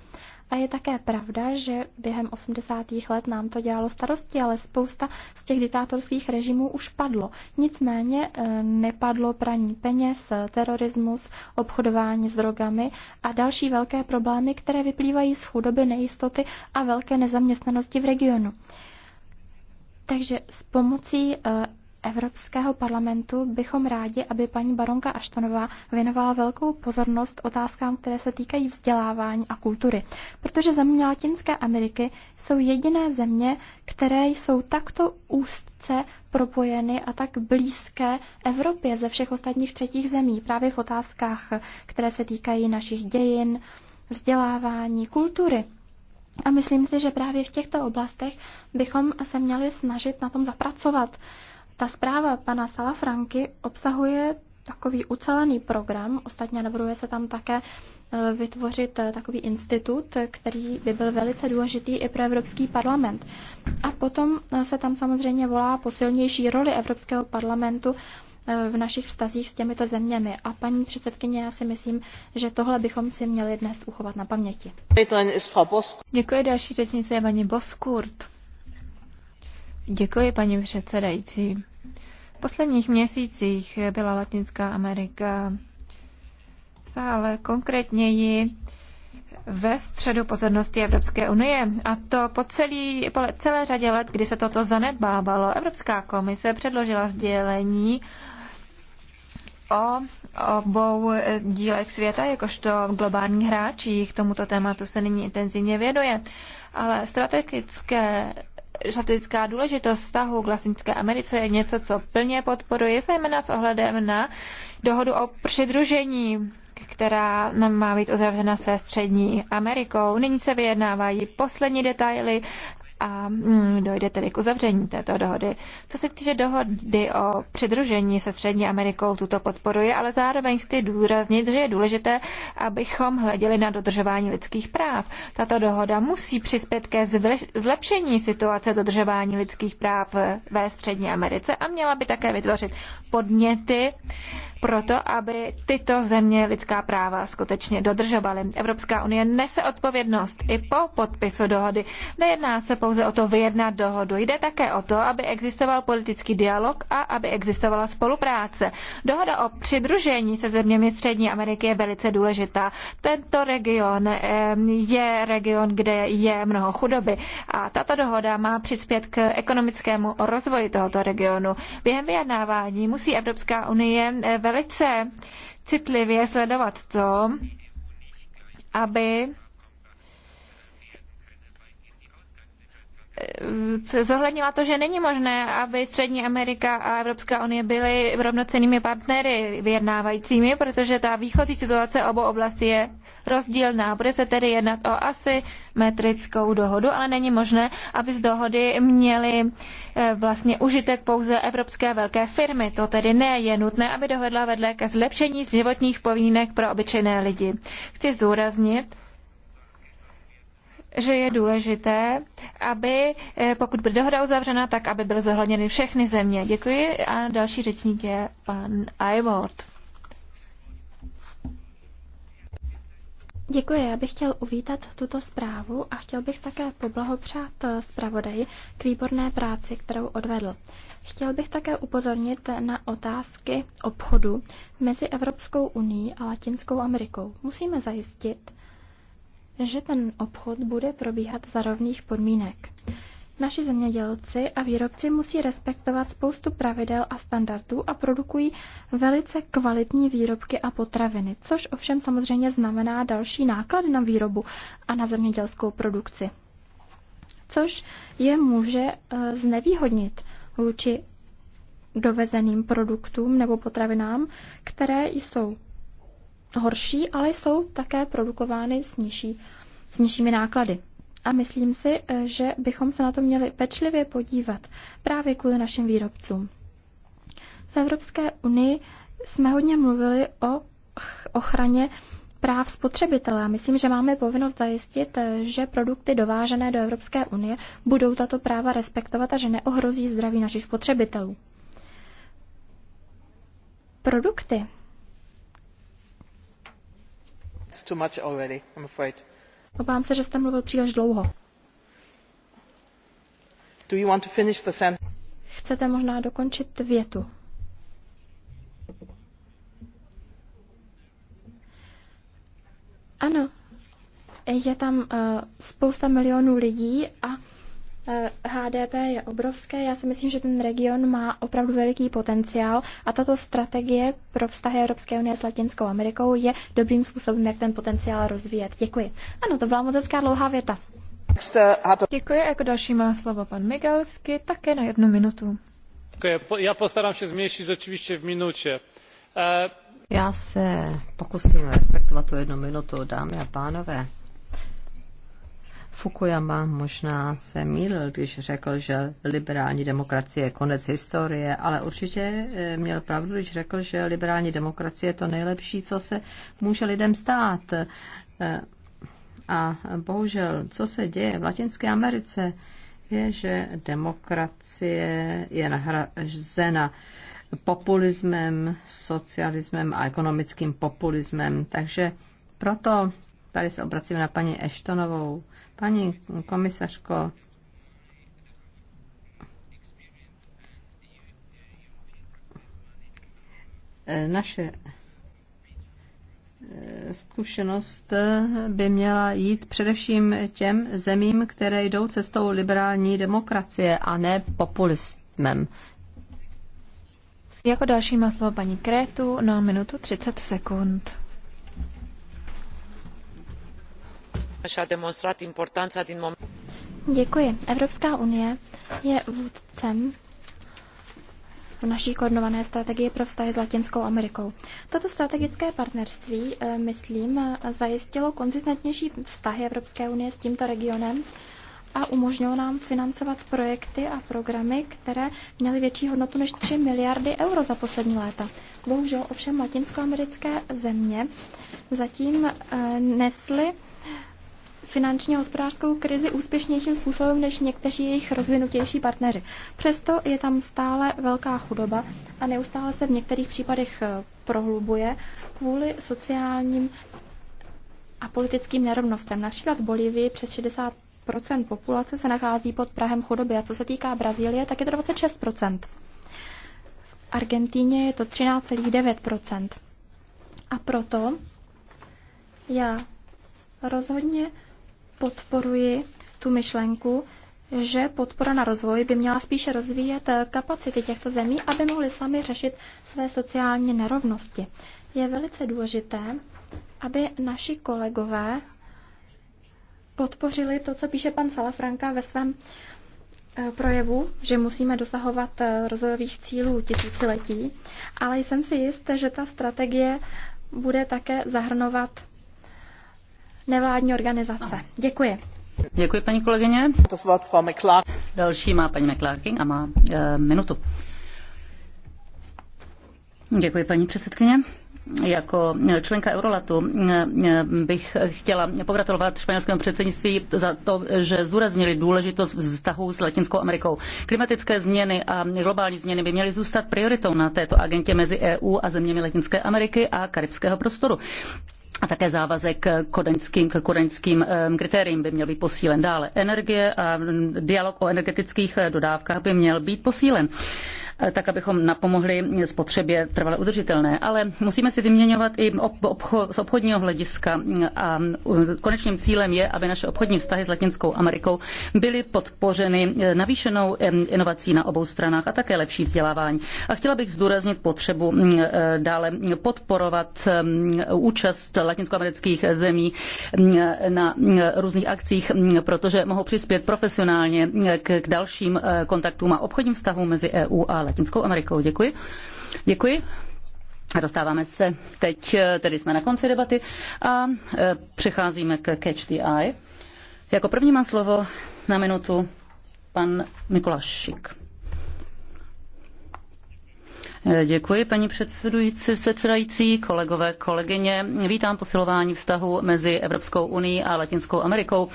a je také pravda, že během 80. let nám to dělalo starosti, ale spousta z těch diktátorských režimů už padlo. Nicméně eh, nepadlo praní peněz, terorismus, obchodování s drogami a další velké problémy, které vyplývají z chudoby, nejistoty a velké nezaměstnanosti v regionu. Takže s pomocí eh, Evropského parlamentu bychom rádi, aby paní baronka Aštonová věnovala velkou pozornost otázkám, které se týkají vzdělávání a kultury, protože země Latinské Ameriky jsou jediné země, které jsou takto úzce propojeny a tak blízké Evropě ze všech ostatních třetích zemí právě v otázkách, které se týkají našich dějin, vzdělávání, kultury. A myslím si, že právě v těchto oblastech bychom se měli snažit na tom zapracovat. Ta zpráva pana Salafranky obsahuje takový ucelený program, ostatně navrhuje se tam také e, vytvořit e, takový institut, který by byl velice důležitý i pro Evropský parlament. A potom e, se tam samozřejmě volá posilnější roli Evropského parlamentu v našich vztazích s těmito zeměmi. A paní předsedkyně, já si myslím, že tohle bychom si měli dnes uchovat na paměti. Děkuji další řečnice paní Boskurt. Děkuji, paní předsedající. V posledních měsících byla Latinská Amerika stále konkrétněji ve středu pozornosti Evropské unie. A to po, celý, po celé řadě let, kdy se toto zanedbávalo. Evropská komise předložila sdělení o obou dílech světa, jakožto globálních hráčích. Tomuto tématu se nyní intenzivně věnuje. Ale strategické strategická důležitost vztahu k Latinské Americe je něco, co plně podporuje, zejména s ohledem na dohodu o přidružení, která má být uzavřena se Střední Amerikou. Nyní se vyjednávají poslední detaily a mm, dojde tedy k uzavření této dohody. Co se týče dohody o přidružení se Střední Amerikou, tuto podporuje, ale zároveň chci důraznit, že je důležité, abychom hleděli na dodržování lidských práv. Tato dohoda musí přispět ke zlepšení situace dodržování lidských práv ve Střední Americe a měla by také vytvořit podněty proto, aby tyto země lidská práva skutečně dodržovaly. Evropská unie nese odpovědnost i po podpisu dohody. Nejedná se pouze o to vyjednat dohodu, jde také o to, aby existoval politický dialog a aby existovala spolupráce. Dohoda o přidružení se zeměmi Střední Ameriky je velice důležitá. Tento region eh, je region, kde je mnoho chudoby a tato dohoda má přispět k ekonomickému rozvoji tohoto regionu. Během vyjednávání musí Evropská unie velmi eh, velice citlivě sledovat to, aby Eh, zohlednila to, že není možné, aby Střední Amerika a Evropská unie byly rovnocenými partnery vyjednávajícími, protože ta výchozí situace obou oblastí je rozdílná. Bude se tedy jednat o asi metrickou dohodu, ale není možné, aby z dohody měly eh, vlastně užitek pouze evropské velké firmy. To tedy ne, je nutné, aby dohodla vedle ke zlepšení životních povínek pro obyčejné lidi. Chci zdůraznit, že je důležité, aby, eh, pokud bude dohoda uzavřena, tak aby byly zohledněny všechny země. Děkuji a další řečník je pan Ivort. Děkuji, já bych chtěl uvítat tuto zprávu a chtěl bych také poblahopřát eh, zpravodaji k výborné práci, kterou odvedl. Chtěl bych také upozornit na otázky obchodu mezi Evropskou uní a Latinskou Amerikou. Musíme zajistit, že ten obchod bude probíhat za rovných podmínek. Naši zemědělci a výrobci musí respektovat spoustu pravidel a standardů a produkují velice kvalitní výrobky a potraviny, což ovšem samozřejmě znamená další náklady na výrobu a na zemědělskou produkci, což je může eh, znevýhodnit vůči dovezeným produktům nebo potravinám, které jsou horší, ale jsou také produkovány s, nižší, s nižšími náklady. A myslím si, eh, že bychom se na to měli pečlivě podívat právě kvůli našim výrobcům. V Evropské unii jsme hodně mluvili o ochraně práv spotřebitele. Myslím, že máme povinnost zajistit, eh, že produkty dovážené do Evropské unie budou tato práva respektovat a že neohrozí zdraví našich spotřebitelů. Produkty, Obávám se, že jste mluvil příliš dlouho. Do you want to finish the sentence? Chcete možná dokončit větu? Ano, je tam uh, spousta milionů lidí a HDP eh, je obrovské. Já si myslím, že ten region má opravdu veliký potenciál a tato strategie pro vztahy Evropské unie s Latinskou Amerikou je dobrým způsobem, jak ten potenciál rozvíjet. Děkuji. Ano, to byla moc hezká dlouhá věta. Eh, Děkuji. Jako další má slovo pan Migalsky, také na jednu minutu. Děkuji. Já postarám se změšit rzeczywiście v minutě. Eh, já se pokusím respektovat tu jednu minutu, dámy a pánové. Fukuyama možná se mýlil, když řekl, že liberální demokracie je konec historie, ale určitě eh, měl pravdu, když řekl, že liberální demokracie je to nejlepší, co se může lidem stát. Eh, a bohužel, co se děje v Latinské Americe, je, že demokracie je nahrazena populismem, socialismem a ekonomickým populismem. Takže proto tady se obracíme na paní Eštonovou Paní komisařko, eh, naše eh, zkušenost by měla jít především těm zemím, které jdou cestou liberální demokracie a ne populismem. Jako další má slovo paní Krétu na no minutu 30 sekund. și a demonstrat importanța din moment. Děkuji. Evropská unie je vůdcem v naší koordinované strategie pro vztahy s Latinskou Amerikou. Toto strategické partnerství, eh, myslím, zajistilo konzistentnější vztahy Evropské unie s tímto regionem a umožnilo nám financovat projekty a programy, které měly větší hodnotu než 3 miliardy euro za poslední léta. Bohužel ovšem latinskoamerické země zatím eh, nesly finančně hospodářskou krizi úspěšnějším způsobem než někteří jejich rozvinutější partneři. Přesto je tam stále velká chudoba a neustále se v některých případech eh, prohlubuje kvůli sociálním a politickým nerovnostem. Například v Bolivii přes 60 populace se nachází pod Prahem chudoby a co se týká Brazílie, tak je to 26 V Argentíně je to 13,9 A proto já rozhodně podporuji tu myšlenku, že podpora na rozvoj by měla spíše rozvíjet kapacity těchto zemí, aby mohly sami řešit své sociální nerovnosti. Je velice důležité, aby naši kolegové podpořili to, co píše pan Salafranka ve svém eh, projevu, že musíme dosahovat eh, rozvojových cílů tisíciletí, ale jsem si jist, že ta strategie bude také zahrnovat nevládní organizace. Děkuji. Děkuji, paní kolegyně. To Další má paní McClarkin a má e, minutu. Děkuji, paní předsedkyně. Jako členka Eurolatu eh, eh, bych chtěla pogratulovat španělskému předsednictví za to, že zúraznili důležitost vztahu s Latinskou Amerikou. Klimatické změny a globální změny by měly zůstat prioritou na této agentě mezi EU a zeměmi Latinské Ameriky a karibského prostoru a také závazek kodaňským, k kodaňským kritériím by měl být posílen dále. Energie a dialog o energetických eh, dodávkách by měl být posílen. Eh, tak abychom napomohli spotřebě trvale udržitelné. Ale musíme si vyměňovat i z obchodního hlediska mm, a eh, konečným cílem je, aby naše obchodní vztahy s Latinskou Amerikou byly podpořeny eh, navýšenou inovací na obou stranách a také lepší vzdělávání. A chtěla bych zdůraznit potřebu mm, dále podporovat mm, účast latinskoamerických zemí na různých akcích, protože mohou přispět profesionálně k dalším kontaktům a obchodním vztahům mezi EU a Latinskou Amerikou. Děkuji. Děkuji. Dostáváme se teď, tedy jsme na konci debaty a e, přecházíme k Catch the Eye. Jako první má slovo na minutu pan Mikulášik. Děkuji, paní předsedající, kolegové, kolegyně. Vítám posilování vztahu mezi Evropskou unii a Latinskou Amerikou,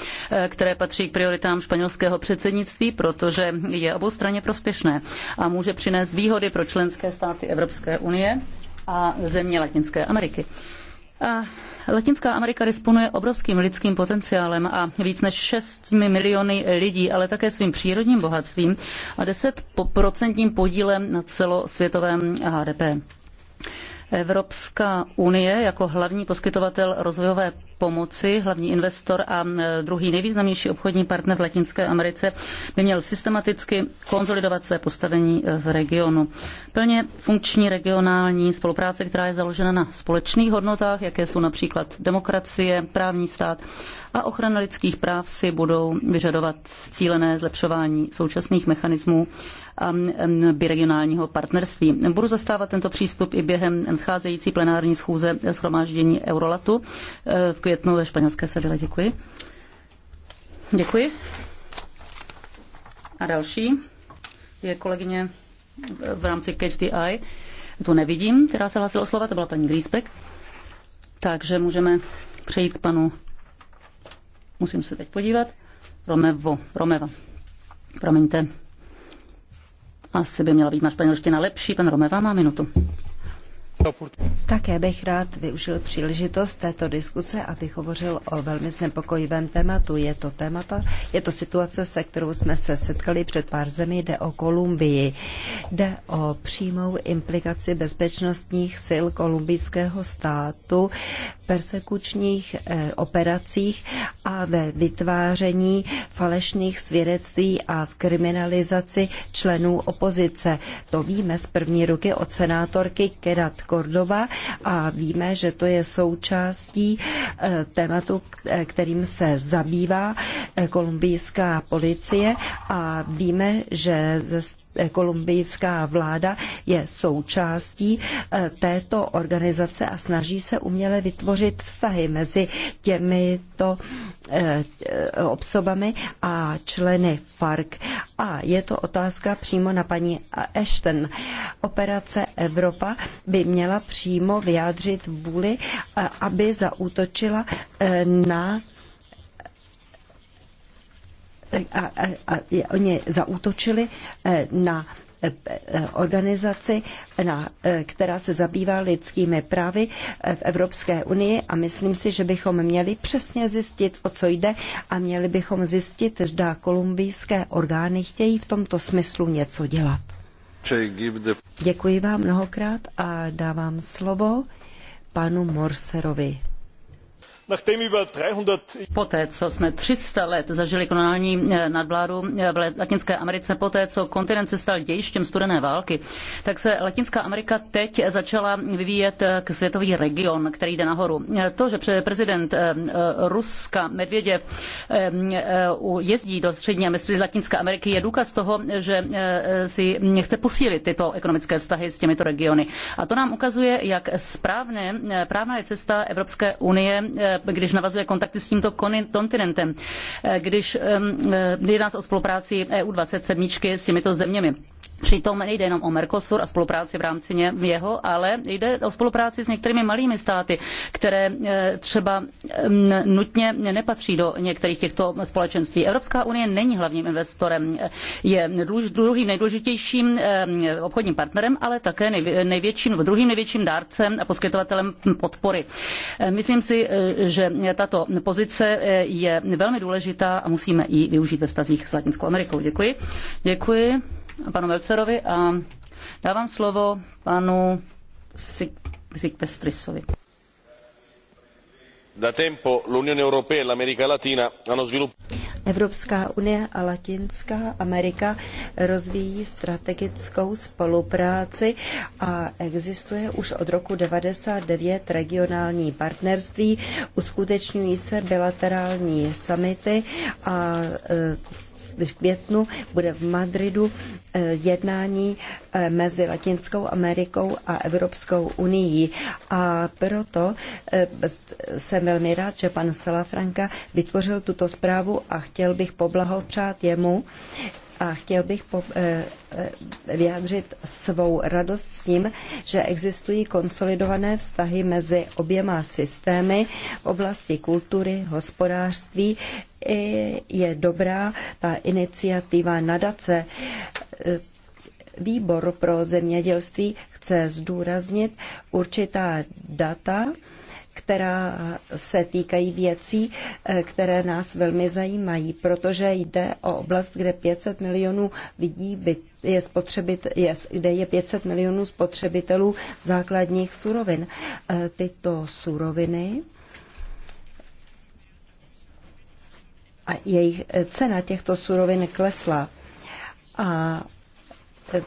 které patří k prioritám španělského předsednictví, protože je oboustranně prospěšné a může přinést výhody pro členské státy Evropské unie a země Latinské Ameriky. Latinská Amerika disponuje obrovským lidským potenciálem a víc než 6 miliony lidí, ale také svým přírodním bohatstvím a 10% podílem na celosvětovém HDP. Evropská unie jako hlavní poskytovatel rozvojové pomoci, hlavní investor a e, druhý nejvýznamnější obchodní partner v Latinské Americe, by měl systematicky konsolidovat své postavení e, v regionu. Plně funkční regionální spolupráce, která je založena na společných hodnotách, jaké jsou například demokracie, právní stát, a ochrana lidských práv si budou vyžadovat cílené zlepšování současných mechanismů biregionálního partnerství. Budu zastávat tento přístup i během nadcházející plenární schůze schromáždění Eurolatu e, v květnu ve španělské Seville. Děkuji. Děkuji. A další je kolegyně v rámci Catch the Eye. Tu nevidím, která se hlásila o slova, to byla paní Griesbeck. Takže můžeme přejít k panu Musím se teď podívat. Romevo, Romeva. Promiňte. Asi by měla být na španělština lepší. Pan Romeva má minutu. Také bych rád využil příležitost této diskuse, abych hovořil o velmi znepokojivém tématu. Je to témata, je to situace, se kterou jsme se setkali před pár zemí, jde o Kolumbii. Jde o přímou implikaci bezpečnostních sil kolumbijského státu v persekučních eh, operacích a ve vytváření falešných svědectví a v kriminalizaci členů opozice. To víme z první ruky od senátorky Kedat Cordova a víme, že to je součástí eh, tématu, eh, kterým se zabývá eh, kolumbijská policie a víme, že ze Eh, kolumbijská vláda je součástí eh, této organizace a snaží se uměle vytvořit vztahy mezi těmito eh, osobami a členy FARC. A je to otázka přímo na paní Ashton. Operace Evropa by měla přímo vyjádřit vůli, aby zaútočila na a, a, a oni zautočili eh, na eh, eh, organizaci, na, která se zabývá lidskými právy v Evropské unii a myslím si, že bychom měli přesně zjistit, o co jde a měli bychom zjistit, zda kolumbijské orgány chtějí v tomto smyslu něco dělat. Děkuji vám mnohokrát a dávám slovo panu Morserovi. Poté, co jsme 300 let zažili koloniální eh, nadvládu eh, v Latinské Americe, poté, co kontinent se stal dějištěm studené války, tak se Latinská Amerika teď začala vyvíjet eh, k světový region, který jde nahoru. To, že prezident Ruska Medvěděv jezdí do střední a střední Latinské Ameriky, je důkaz toho, že si chce posílit tyto ekonomické vztahy s těmito regiony. A to nám ukazuje, jak správné, právná je cesta Evropské unie když navazuje kontakty s tímto kontinentem, eh, když eh, jedná se o spolupráci EU 27 s těmito zeměmi. Přitom nejde jenom o Mercosur a spolupráci v rámci jeho, ale jde o spolupráci s některými malými státy, které eh, třeba mm, nutně nepatří do některých těchto společenství. Evropská unie není hlavním investorem, eh, je druhým nejdůležitějším eh, obchodním partnerem, ale také největším, druhým největším dárcem a poskytovatelem podpory. Myslím si, že tato pozice je velmi důležitá a musíme ji využít ve vztazích s Latinskou Amerikou. Děkuji. Děkuji panu Melcerovi a dávám slovo panu Sikpestrisovi. Da tempo l'Unione Europea e l'America Latina hanno sviluppato Evropská unie a Latinská Amerika rozvíjí strategickou spolupráci a existuje už od roku 99 regionální partnerství, uskutečňují se bilaterální summity a e, v květnu bude v Madridu eh, jednání eh, mezi Latinskou Amerikou a Evropskou unii. A proto eh, jsem velmi rád, že pan Salafranka vytvořil tuto zprávu a chtěl bych poblahopřát jemu a chtěl bych po, eh, eh, vyjádřit svou radost s tím, že existují konsolidované vztahy mezi oběma systémy v oblasti kultury, hospodářství. I je dobrá ta iniciativa nadace. Eh, výbor pro zemědělství chce zdůraznit určitá data, která se týkají věcí, eh, které nás velmi zajímají, protože jde o oblast, kde 500 milionů lidí by je spotřebit, je, kde je 500 milionů spotřebitelů základních surovin. Eh, tyto suroviny a jejich eh, cena těchto surovin klesla. A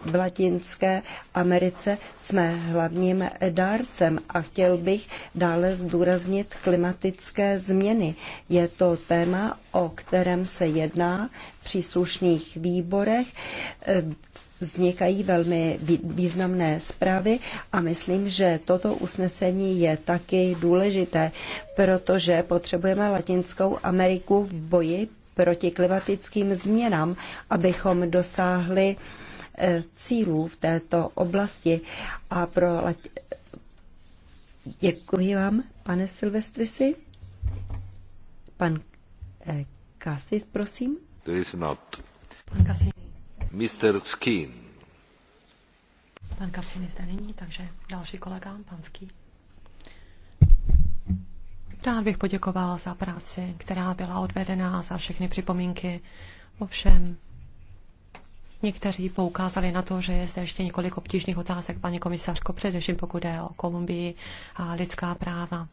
v Latinské Americe jsme hlavním dárcem a chtěl bych dále zdůraznit klimatické změny. Je to téma, o kterém se jedná v příslušných výborech. Vznikají velmi významné zprávy a myslím, že toto usnesení je taky důležité, protože potřebujeme Latinskou Ameriku v boji proti klimatickým změnám, abychom dosáhli Eh, cílů v této oblasti a pro Děkuji vám, pane Silvestrisi. Pan eh, Kasis, prosím. There is not. Pan Kasin. Mr. Skin. Pan Kasin zde není, takže další kolega, pan Ský. Rád bych poděkoval za práci, která byla odvedena, za všechny připomínky. Ovšem, Někteří poukázali na to, že je zde ještě několik obtížných otázek, paní komisařko, především pokud je o Kolumbii a lidská práva.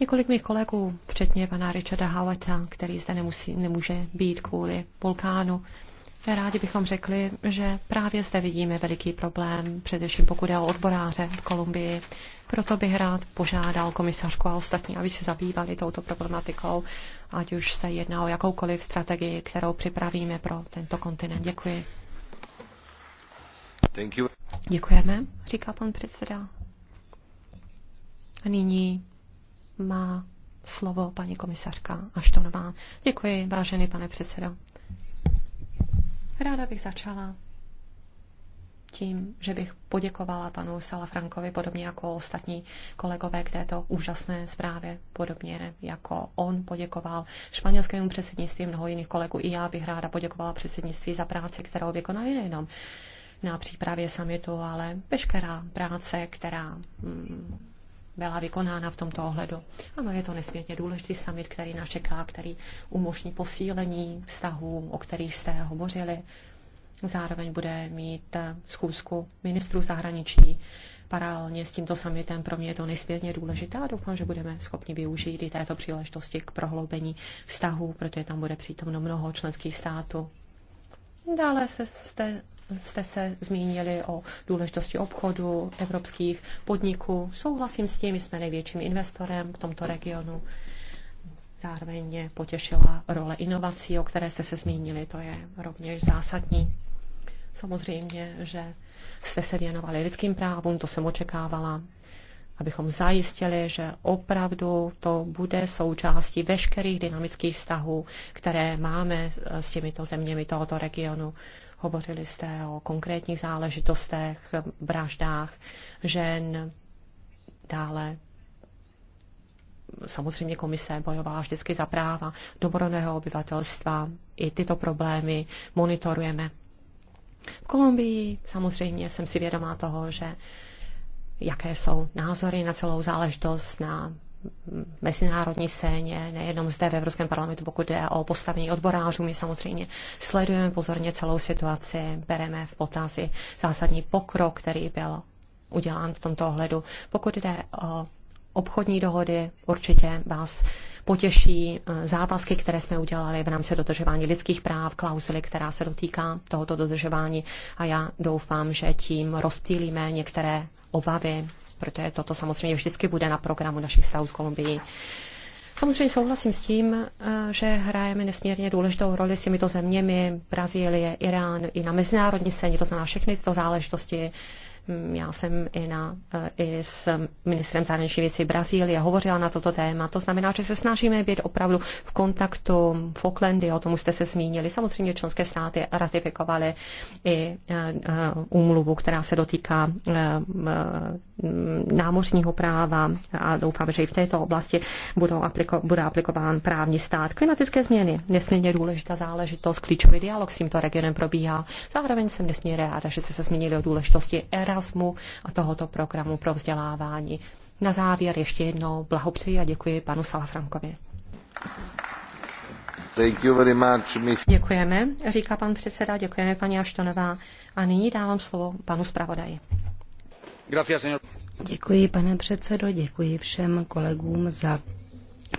Několik mých kolegů, včetně pana Richarda Howata, který zde nemusí, nemůže být kvůli vulkánu, Rádi bychom řekli, že právě zde vidíme veliký problém, především pokud je o odboráře v Kolumbii. Proto bych rád požádal komisařku a ostatní, aby se zabývali touto problematikou ať už se jedná o jakoukoliv strategii, kterou připravíme pro tento kontinent. Děkuji. Thank you. Děkujeme, říká pan předseda. A nyní má slovo paní komisařka Aštonová. Děkuji, vážený pane předsedo. Ráda bych začala tím, že bych poděkovala panu Salafrankovi, podobně jako ostatní kolegové k této úžasné zprávě, podobně jako on poděkoval španělskému předsednictví, mnoho jiných kolegů. I já bych ráda poděkovala předsednictví za práci, kterou vykonali nejenom na přípravě samitu, ale veškerá práce, která mm, byla vykonána v tomto ohledu. Ano, je to nesmírně důležitý summit, který nás čeká, který umožní posílení vztahů, o kterých jste hovořili. Zároveň bude mít eh, schůzku ministrů zahraničí paralelně s tímto summitem. Pro mě je to nesmírně důležité a doufám, že budeme schopni využít i této příležitosti k prohloubení vztahů, protože tam bude přítomno mnoho členských států. Dále se jste, jste se zmínili o důležitosti obchodu evropských podniků. Souhlasím s tím, jsme největším investorem v tomto regionu. Zároveň mě potěšila role inovací, o které jste se zmínili, to je rovněž zásadní. Samozřejmě, že jste se věnovali lidským právům, to jsem očekávala, abychom zajistili, že opravdu to bude součástí veškerých dynamických vztahů, které máme eh, s těmito zeměmi tohoto regionu. Hovořili jste o konkrétních záležitostech, vraždách žen, dále samozřejmě komise bojovala vždycky za práva dobroného obyvatelstva. I tyto problémy monitorujeme. V Kolumbii samozřejmě jsem si vědomá toho, že jaké jsou názory na celou záležitost, na mezinárodní scéně, nejenom zde v Evropském parlamentu, pokud jde o postavení odborářů. My samozřejmě sledujeme pozorně celou situaci, bereme v potazy zásadní pokrok, který byl udělán v tomto ohledu. Pokud jde o obchodní dohody, určitě vás potěší eh, závazky, které jsme udělali v rámci dodržování lidských práv, klauzuly, která se dotýká tohoto dodržování a já doufám, že tím rozptýlíme některé obavy, protože toto samozřejmě vždycky bude na programu našich stavů z Kolumbii. Samozřejmě souhlasím s tím, eh, že hrajeme nesmírně důležitou roli s těmito zeměmi, Brazílie, Irán, i na mezinárodní scéně, to znamená všechny tyto záležitosti já jsem i, na, i s ministrem zahraničí věcí Brazílie hovořila na toto téma. To znamená, že se snažíme být opravdu v kontaktu v Aucklandy, o tom už jste se zmínili. Samozřejmě členské státy ratifikovaly i eh, eh, úmluvu, která se dotýká eh, Mm, námořního práva a doufám, že i v této oblasti budou apliko, bude aplikován právní stát. Klimatické změny, nesmírně důležitá záležitost, klíčový dialog s tímto regionem probíhá. Zároveň jsem nesmírně ráda, že jste se zmínili o důležitosti Erasmu a tohoto programu pro vzdělávání. Na závěr ještě jednou blahopřeji a děkuji panu Salafrankovi. Thank you very much, miss. Děkujeme, říká pan předseda, děkujeme paní Aštonová. A nyní dávám slovo panu zpravodaji. Děkuji, pane předsedo, děkuji všem kolegům za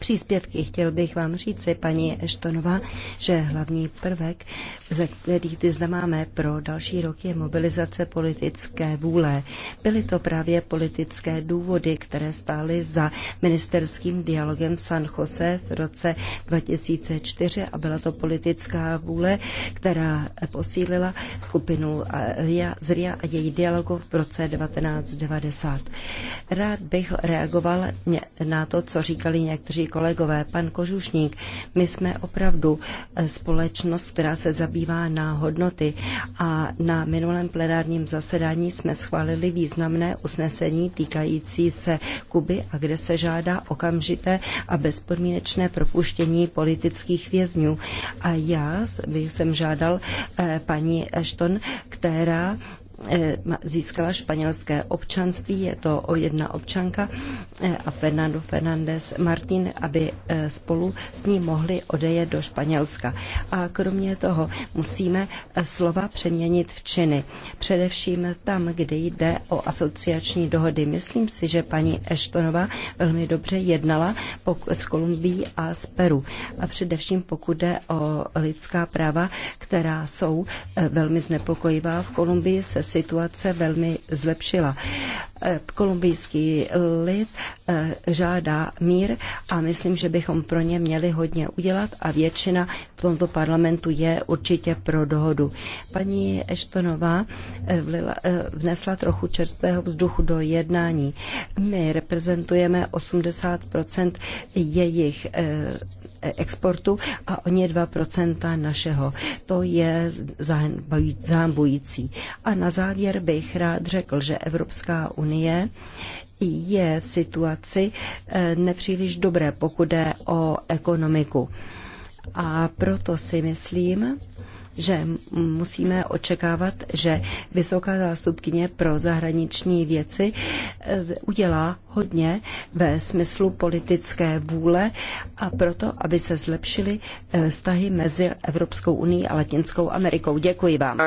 příspěvky. Chtěl bych vám říci, paní Eštonová, že hlavní prvek, ze kterých ty zda máme pro další rok, je mobilizace politické vůle. Byly to právě politické důvody, které stály za ministerským dialogem San Jose v roce 2004 a byla to politická vůle, která posílila skupinu RIA, z RIA a její dialogu v roce 1990. Rád bych reagoval na to, co říkali někteří kolegové, pan Kožušník, my jsme opravdu eh, společnost, která se zabývá na hodnoty a na minulém plenárním zasedání jsme schválili významné usnesení týkající se Kuby a kde se žádá okamžité a bezpodmínečné propuštění politických vězňů. A já bych jsem žádal eh, paní Ashton, která Eh, získala španělské občanství, je to o jedna občanka eh, a Fernando Fernández Martín, aby eh, spolu s ní mohli odejet do Španělska. A kromě toho musíme slova přeměnit v činy, především tam, kde jde o asociační dohody. Myslím si, že paní Eštonová velmi dobře jednala s Kolumbií a s Peru. A především pokud jde o lidská práva, která jsou velmi znepokojivá v Kolumbii se situace velmi zlepšila. Eh, kolumbijský lid eh, žádá mír a myslím, že bychom pro ně měli hodně udělat a většina v tomto parlamentu je určitě pro dohodu. Paní Eštonová eh, vnesla trochu čerstvého vzduchu do jednání. My reprezentujeme 80 jejich exportu a oni 2% našeho. To je zahambující. A na závěr bych rád řekl, že Evropská unie je v situaci eh, nepříliš dobré, pokud jde o ekonomiku. A proto si myslím, že musíme očekávat, že vysoká zástupkyně pro zahraniční věci e, udělá hodně ve smyslu politické vůle a proto, aby se zlepšily e, vztahy mezi Evropskou unii a Latinskou Amerikou. Děkuji vám.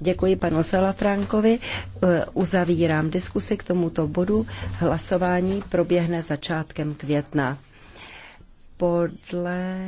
Děkuji panu Salafrankovi. E, uzavírám diskusi k tomuto bodu. Hlasování proběhne začátkem května. Podle